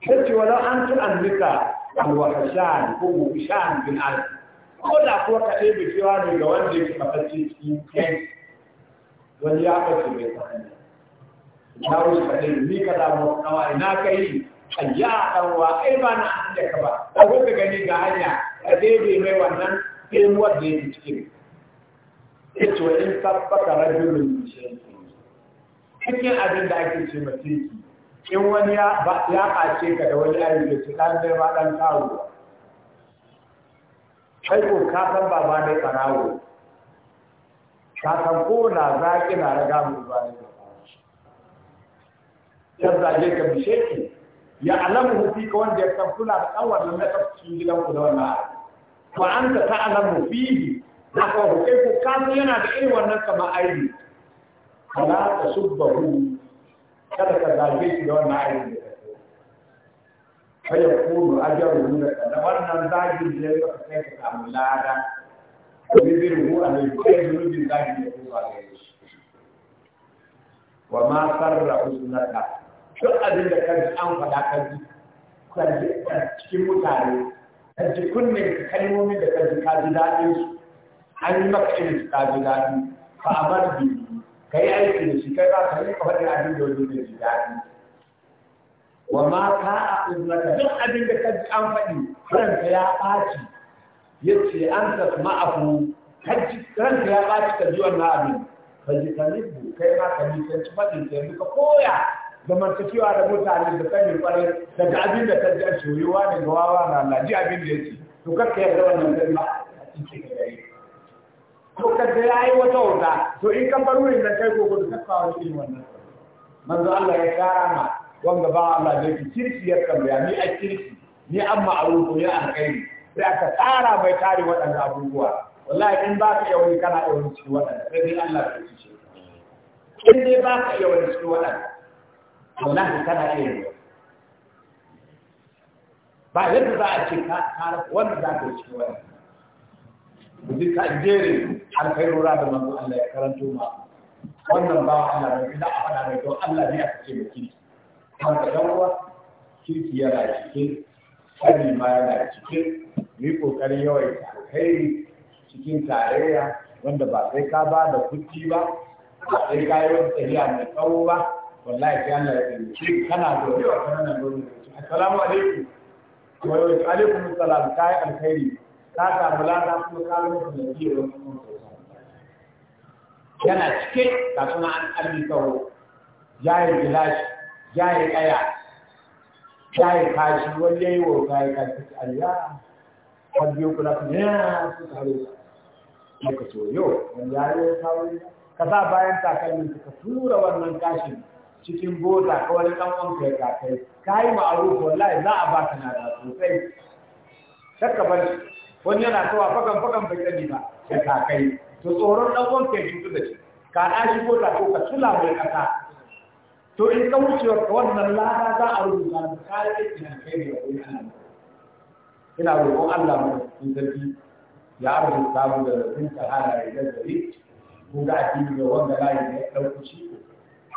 ke ce walau an tu'annika alwahashan ko mugishan bin alaihi ko da kuwa ka ɗebe cewa ne ga wanda ya ke mafarci cikin kai wani ya ɓace mai tsanani na wuce ka dai ni ka damu kawai na kai ayya a ɗanwa, kai ba na an da ka ba ko gani ga hanya ka dai mai wannan ilmuwar da yake cikin yace wa tabbata rajulun cikin abin da ake ce mutum in wani ya ƙace ka da wani ayi da ci ɗan zai ma ɗan kawo kai ko ka san ba ma ne tsarawo ka san ko na zaƙi na raga mu ba ne ya zage bishe ya alamu fi ka wanda ya san kula da kawar da naka cikin gidan ku da wannan ta anta ta'lamu fihi haka ko kai ku kasu yana da irin wannan kama aibi kala ta subbahu kada ka zage shi da wannan aibi kai ku ajaru da wannan zagin da ya kai ka samu lada ويبره أن يكون من ذلك يقول عليه وما سر duk abin da kan an faɗa kan ji cikin mutane kan ji kunnen kalmomi da kan ji ka ji daɗin su an yi maka irin su ka ji daɗi fa a bar bi ka yi aiki da shi kai ba ka yi faɗi abin da wani da ji daɗi wa ma ka a umarta duk abin da kan ji an faɗi ranka ya ɓaci ya ce an tasma abu ranka ya ɓaci ka ji wannan abin ka ji ka nibu kai ma ka nisanci faɗin ka yanzu ka koya zamantakewa da mutane da sanin kwarai daga abin da ta jan shoyuwa da gawawa wawa na laji abin da yake to kakka zama wannan kalma a cikin gare to ya yi wata wuta to in kan bar wurin da kai ko gudu kakka wani shi wannan manzo Allah ya kara ma wanga ba Allah da yake kirki ya kamba ni a kirki ni amma a ruku ya alkhairi sai aka tsara bai tare waɗannan abubuwa wallahi in ba ka yawon kana yawon cikin waɗanda sai dai Allah ya ci shi in dai ba ka yawon cikin waɗanda to nan kana iya ba yadda za a ce ka kara wanda za ka yi wani kuzi ka jere har kai rura da manzo Allah ya karanto ma wannan ba Allah bai da a fada mai to Allah ne a ce mai kirki kan ka dan uwa kirki yana cikin sani ma yana cikin ni kokari yawaita alkhairi cikin tarayya wanda ba sai ka ba da kuɗi ba ba sai ka yi wata tafiya mai tsawo ba wallahi sai Allah ya tsare shi kana da yawa kana nan yawa assalamu alaikum wa alaikum assalam kai alkhairi ka ta mulaka kuma ka mu da jiya yana cike ka suna an kalli kawo yayi gilashi yayi kaya yayi kashi wanda yayi wa kai kashi Allah har biyo kula ku ne su tare ka so yo wanda yayi kawo ka sa bayan takalmin ka tura wannan kashin cikin boda ka wani ɗan wanka ya kai, ka yi aru wallahi za a ba ka na da sosai shakka bar wani yana kawa fakan fakan bai kani ba ya kai, to tsoron dan wanka ya duk da shi ka da shi ta ko ka sula mai ƙasa to in ka wucewa ka wannan lada za a rubuta da kayan aiki na kai da ina roƙon Allah mu in tafi ya arzu samu da zargin ta halaye da gari ko ga addini da wanda layi ne ya shi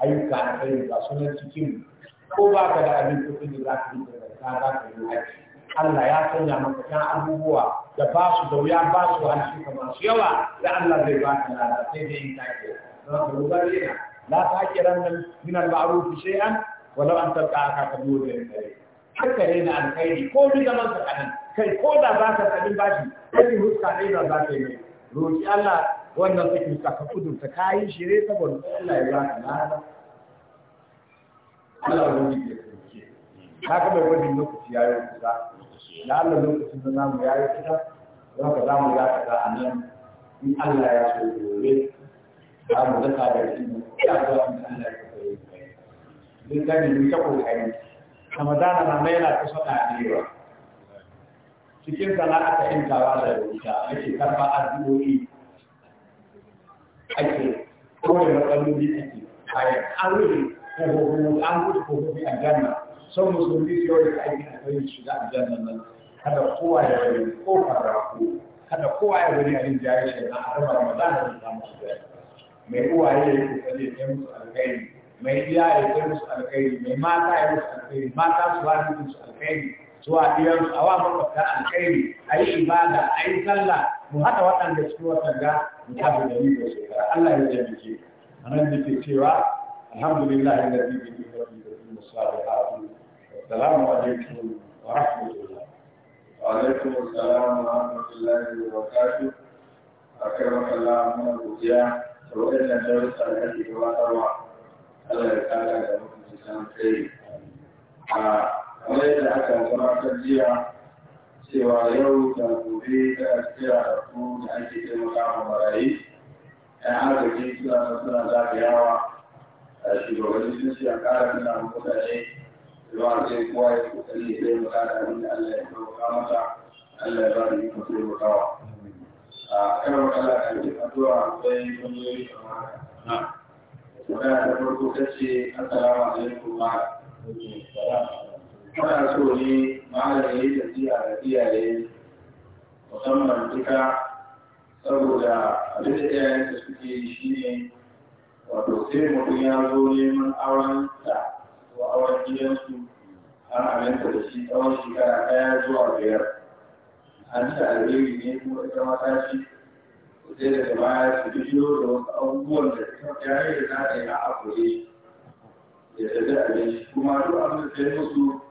ayyuka na kai ba sunan cikin ko ba ka da abin kuɗi da za ka yi da zakka za ka yi haji Allah ya sanya maka kan abubuwa da ba su da wuya ba su hanci kamar su yawa da Allah zai ba ka lada sai dai in ka ke don ka rubar yana la ta kiran nan min al sai an? walau an tarka aka ka biyo da kai haka ne na alkhairi ko bi zaman ka kai ko da ba ka kadin bashi kai huska ne da za ka yi mai. roƙi Allah wannan suke saka kudurta kayan shirye saboda Allah ya baka lada Allah ya wani ke kuke ka ga mai wani lokaci ya yi kusa da Allah lokacin da namu ya yi kusa don ka zamu ya kusa a nan in Allah ya so gobe za mu zaka da shi ya zuwa in Allah ya kusa yi duk gani mun ta kokari Ramadana na mai yana kusa na arewa cikin sana'a ta yin da rubuta ake karɓa addu'o'i ake ko da matsaloli ake kayan an rufe kofofi an gudu ko kofofi a janna son musulmi su yau da aiki a kai shiga a janna nan kada kowa ya bari kofar ko kada kowa ya bari a yin jari shi na arba ramadan da samu su da mai uwaye ya yi kokari ya musu alkhairi mai iya ya yi musu alkhairi mai mata ya musu alkhairi mata su ba musu alkhairi zuwa diyansu a wa makwabta alkhairi a yi ibada a yi sallah mu haɗa waɗanda cikin watan ga ta da ni da shekara Allah ya jami'e a nan da ke cewa alhamdulillah ya nabi da ni da ni da ni assalamu alaikum wa rahmatullah wa alaikum assalam wa rahmatullahi wa barakatuh akan Allah mun godiya da wannan darussa da ke gabatarwa Allah ya kara da mutum cikin kai a kamar yadda aka gabatar jiya cewa yau da gobe da asiya da ku da ake taimaka ma barayi ɗan arziki suna da suna zagayawa a shugabanni sun ce a ƙara nuna wa mutane zuwa a ce kowa ya kokari ya taimaka da abin da Allah ya taimaka masa Allah ya ba da ikon taimakawa. A kan wakala a cikin addu'a akwai kungiyoyi kamar haka. Wadda ta farko ta ce, Assalamu alaikum ma'a. ana so ne malam ya yi tafiya da iyaye musamman duka saboda abin da iyayensa suke yi shi ne wato sai mutum ya zo neman auren sa ko auren gidansu an aminta da shi tsawon shekara ɗaya zuwa biyar an ta alheri ne kuma ita mata shi sai daga baya su biyo da wasu abubuwan da ta yayi da za ta yi a akwai da ta da abin kuma duk abin da ta yi musu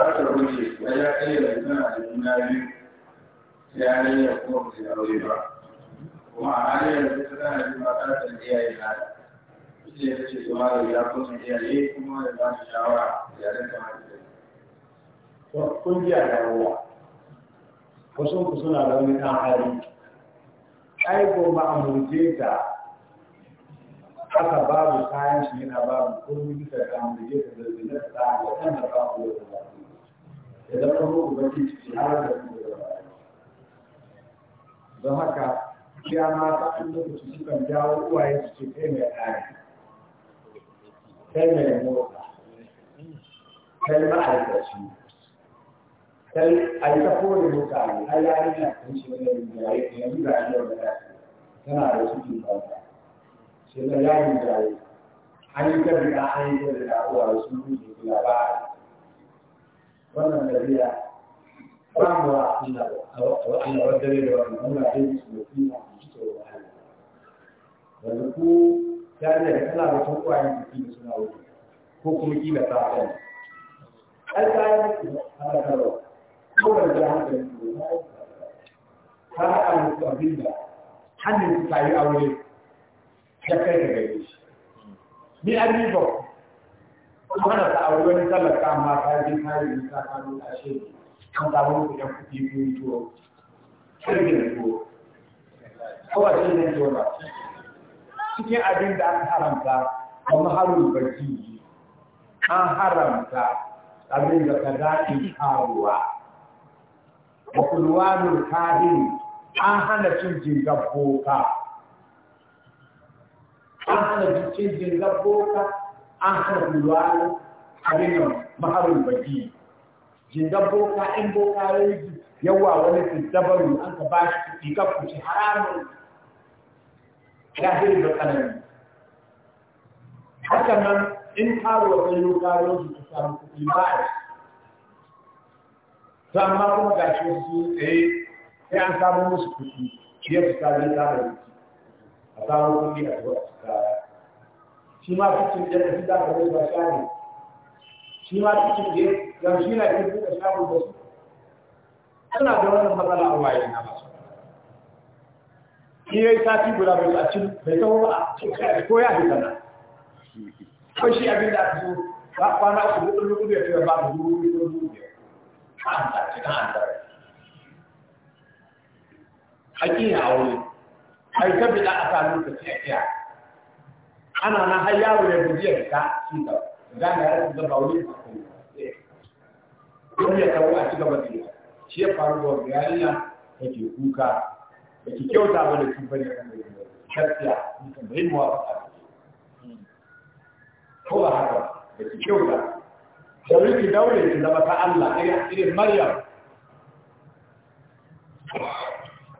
aka wuce ya ya kai da suna da juna biyu ya ne ya kuma musu da wuri ba kuma a hanyar da ta tana da mata da iyaye na shi ya ce su mara ya kuma iyaye kuma da ba su shawara ya da kama da su kun biya da ruwa wasu ku suna da wani ɗan hali ai ko ba a muje ta haka babu kayan shi yana babu komai bisa ga amurje ta zazzabi na ta da kan da babu yau da da zama ubangiji shi har da don haka ya mata an lokaci sukan jawo uwaye su ce kai mai ɗari kai mai mota kai ma'aikaci kai a yi ta kone mutane a yayin na kan shi wani jaye da an yau da tana da su ke sai da yayin jaye an yi ta biya an yi ta uwaye sun wannan nabiya ba mu wa Allah Allah wa dare da wannan muna jin su ne na ji to yanzu ku ya ne da kana da tun kwaye ki da suna wuce ko kuma kila ta ta ai kai Allah ka ro ko da da hankali ka abin da hannun su ta yi aure ya kai gare shi ni an riba hana ta aure wani talaka amma ta je ta yi ta kano ta shi kan samu kuɗin kuɗi kuɗi tuwo kirgin tuwo kawai shi ne tuwo ba cikin abin da aka haramta kuma harin barci an haramta abin da ka daɗin karuwa wa kulwanul kahin an hana cin jingar boka an hana cin jingar boka an hana ruwa karinan maharin baki jindan boka in boka ya yi yawa wani dabaru an ka ba shi kuɗi ga kuci haramun lahirin da tsanani haka nan in wa ta yi karuwa su ta samu kuɗi ba a to amma kuma ga shi wasu tsaye sai an samu musu kuɗi shi ya fi sa zai tsara a samu kuɗi a zuwa su shi ma kicin da shi za ka zai ba shari shi ma kicin da yanzu shi na yin buɗe shago da su suna da wannan matsala a waye na masu shi ya yi sati guda bai a cin bai taho a cin kai ko ya fi sana ko shi abin da aka so ba kwana su buɗe rubutu ya fi ba da dubu biyu dubu biyu an da cikin an da haƙi ya aure ai ta bi da a sa lokaci a kiyaye ana na har yaro ya guji ya fita shi ka na ya rasu zaba wani ko kuma ya kawo a cikin da shi ya faru da wani yarinya da ke kuka da ke kyauta ba da cutar ya kama yi gaskiya mutum bai mu wasu a ko a haka da ke kyauta da wani ki daure ki zama ta Allah irin Maryam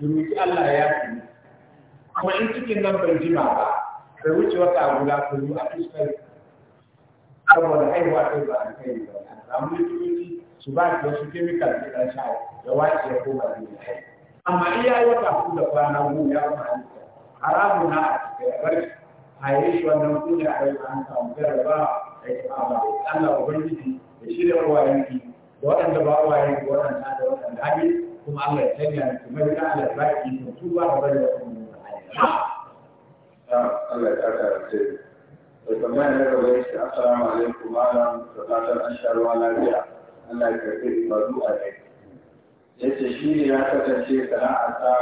rubuci Allah ya fi kuma in cikin nan ban jima ba bai wuce wata guda ko yi a fuskar saboda haihuwa ɗin ba a kai ba Zamu samu likitoci su ba su wasu kemikal da ɗan sha da wace ya koma da ya amma iya wata ku da kwana mu ya fi halitta haramu na a cikin barci a yi shi wannan kunya a yi an samu ba a yi ba Allah ubangiji da shi da uwayenki da waɗanda ba uwayenki waɗanda da waɗanda hajji. kuma Allah ya sanya ni kuma da Allah ya baki ni su ba ba da kuma Allah ya tsara ce da kamar da wai shi assalamu alaikum malam da fatan an sha ruwa lafiya Allah ya karbi ibadu a kai yace shi ne ya kasance sana'a ta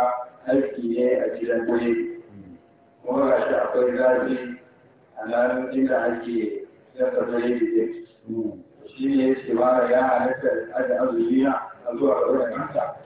aiki ne a gidan gure kuma ga shi akwai zafi a nan inda ake yasa zai yi hmm. shi ne ya ce ya halatta da azumi na a zuwa ga wurin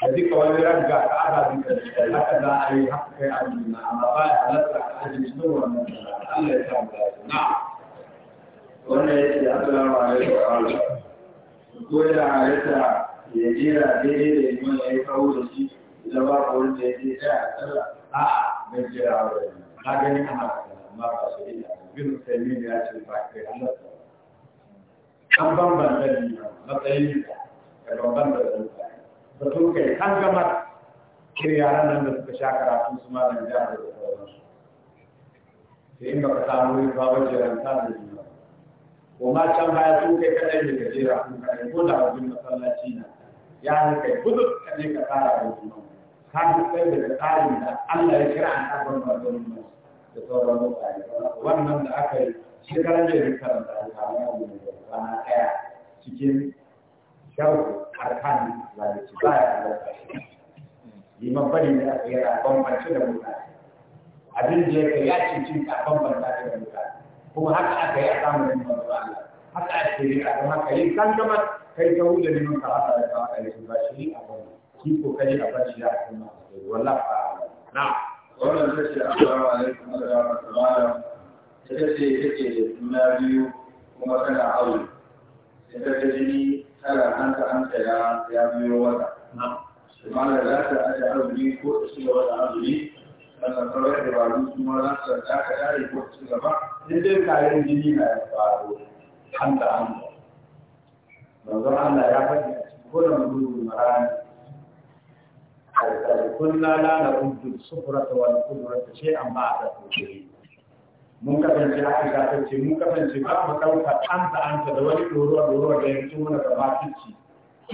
da duka wani ranga ka ana duka haka za a yi haka kai azumi na amma ba ya halatta a azumi sun wannan Allah ya samu lafiya na wannan ya ce assalamu alaikum wa rahmatullahi ko da halitta ya jira daidai da yi mana ya yi kawo da shi idan ba ka wani da ya ce ɗaya a tsalla a mai jira wa da na gani a haka amma ba su yi da bin musulmi ya ce ba kai halatta an bambanta ne matsayin da ka bambanta da da sun kai an gama kir yaran nan da suka sha karatu su ma zan jihar da sauransu sai in ba ka samu ba wani babar jiranta da juna ko ma can baya sun kai kaɗai da gajera kun kaɗai ko da wajen masallaci na ya ne kai kudu ka ne ka tsara da juna ka fi sai daga tsarin da Allah ya kira an abin mazan mu da sauran mutane wannan da aka yi shekaran da ya karanta da kamar abu da rana ɗaya cikin kyau arhan zalunci ba ya halatta liman bari ne a tsayar bambanci da mutane abin da ya kai ya cincin a bambanta da mutane kuma haka aka yi a zamanin manzo haka yi a kuma haka yi kan gama kai ka wuce liman ka haka da yi ba shi a gaba shi ko kai a shi ya kuma wallahi na wannan sai shi assalamu alaikum wa rahmatullahi Ta ce take na biyu kuma tana aure sai ta jini tara an ta an ya ya biyo wata kuma da za ta aje azumi ko ta ci gaba da azumi sannan sauran dabaru kuma za ta za ka tare ko ta ci gaba duk dai kayan jini na ya faru hanta hanta manzon Allah ya faɗi a cikin kodan gudu marani kunna la na kuntu sufurata wani wal kudrata shay'an ba'da kudrata mun kasance haka ta kace mun kasance ba mu kauta an ta an da wani doruwa doruwa da yanzu mun da bakici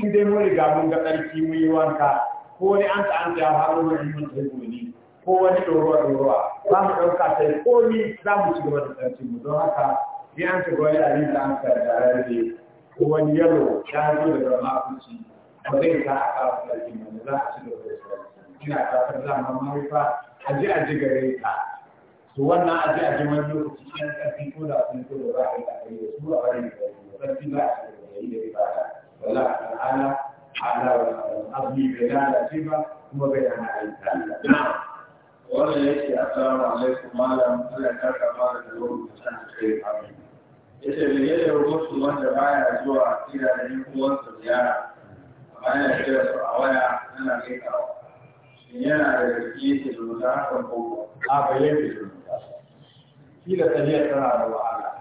in dai mun riga mun ga tsarki mun yi wanka ko wani an ta an ya faru mun mun ta gobe ko wani doruwa doruwa ba mu kauta sai ko ni za mu ci gaba da tsarki mu don haka ni an ta gwani a rinta an ta da rarrabe ko wani yalo ya zo daga makuci ba zai sa a kawo tsarki mu za a ci gaba da tsarki ina kafin zama mahaifa a ji a ji gare ta to wannan aji a ji wani lokaci ɗan ƙarfi ko da sun ko da za a yi a kai da su a bari da ƙarfi ba a yi da ba wala ta'ala ala wa azmi bai lalace ba kuma bai hana a yi ta'ala wannan yake assalamu alaikum malam Allah ya karka fara da wani mutum da kai amin yace me yake rubutu wanda baya zuwa kira da yin uwansa ziyara amma yana kira su a waya ana kai kawo yana da gaske ke zuwa hakan ko a bayan da zuwa kila tafiyar tana da wahala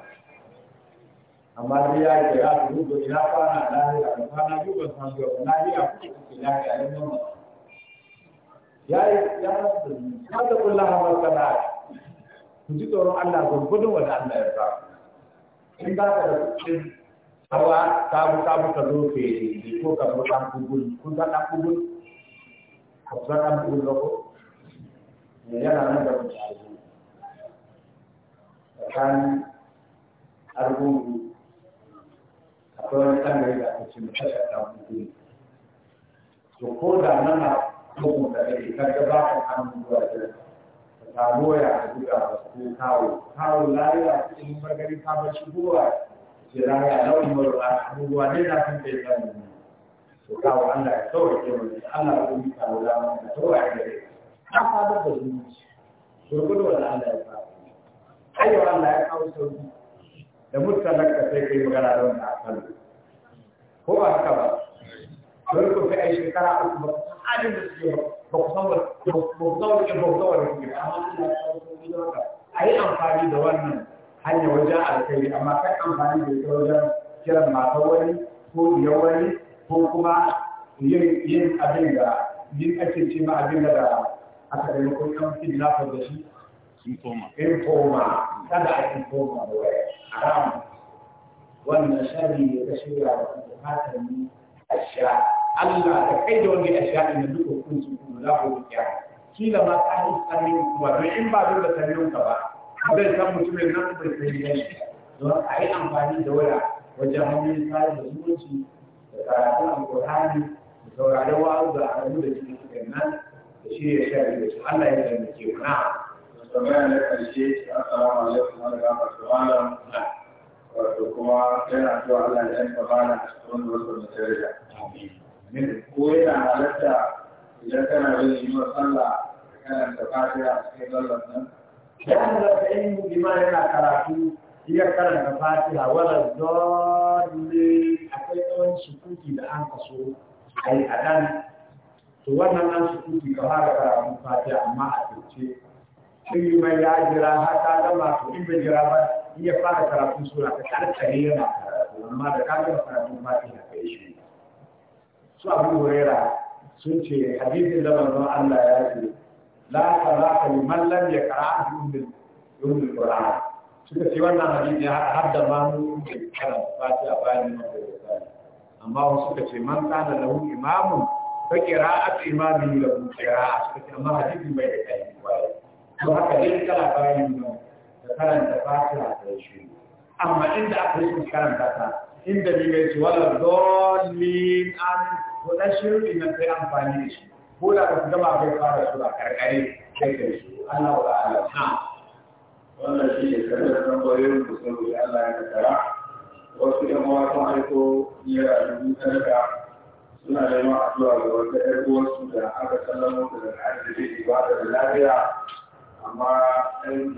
amma dai ya ke ya su rubu ina kwana lahiya da kwana biyu ban san zuwa lahiya kuke kuke lahiya ya yi ya rasu ka da kullum hamar sana'a ku ji tsoron Allah gurgudun wanda Allah ya sa in ba ka da kuɗin hawa ta bu ta bu ka zo ke ko ka bu ɗan kun san ɗan kugul kusan an buɗe loko yana nan da mutu arzu tsakanin argungu akwai wani ɓangare da ake cin tashar da mutu to ko da nan a bugun da kake kan gabatar hannun zuwa jirgin samu ya duka ko kawo kawo lariya cikin magari ka bashi buwa ce lariya lauyin maruwa abubuwa ne na su kawo Allah ya sauwa ke wani Allah ya kuma kawo dama da sauwa ya gare ta fadar da zumunci gurgudu wani Allah ya kawo ayyau Allah ya kawo sauki da mutanen ka sai kai magana da wani akan ko ba ka ba don ku fi shekara uku ba halin da suke ba ku san ba ku san ba ku san ba amma Allah ya kawo sauki a yi amfani da wannan hanya wajen alkhairi amma kai amfani da ita wajen kiran matar wani ko biyar wani ko kuma yin abin da yin ake ce ma abin da aka da yankun yan fi na fa da shi informa kada a informa da waya haram wannan shari ya ta shirya da kuma hatari a sha Allah da kai da wani a sha ne duka kun su kuma za ku kiyama kila ma ka yi tsarin kuma don in ba da tsarin ka ba zai san na nan bai tsarin don a yi amfani da waya wajen hannun tsarin da zumunci da karatun alƙur'ani da sauraron wa'azu da alamu da cikin cikin nan da shirya shari'a da su Allah ya taimake mu na tambaya na ƙarshe assalamu alaikum wa rahmatullahi wato kuma yana zuwa Allah ya yanka bana cikin wasu mutarja ko yana halatta idan kana bin yi wa sallah kana da fatiha cikin sallar nan ya halatta in mu bi ma yana karatu iya karanta fatiha wala dole akwai tsawon sukuki da an kaso a yi a dan to wannan an sukuki ka fara karatun fatiha amma a turce in mai ya jira har ta gama to in bai jira ba iya fara karatun sura ka karkare yana karatu amma da ka gama karatun fatiha ka yi shi su abu hurera sun ce hadisin da manzon Allah ya ce la salata liman ya karatu bi ummil qur'an suka ce wannan hadisi har da ma mu da karan fati a bayan mafi amma wasu suka ce man kana lahu imamun fa qira'atu imami lahu qira'a suka ce amma hadisi bai da kai wai to haka dai kana bayan mu da karanta fatiha da shi amma inda aka yi karanta ta inda ni mai ci wala dallin an wadan shirin nan sai amfani da shi ko da ka gama bai fara sura karkare sai kai shi Allah wa ta'ala na'am wannan shi ne kasar tambayoyin da sun rufe Allah ya kaddara wasu yan mawa sun aiko naira dubu sadaka suna neman addu'a ga wata ƴar uwarsu da aka sallamo daga asibiti ba da lafiya amma ɗan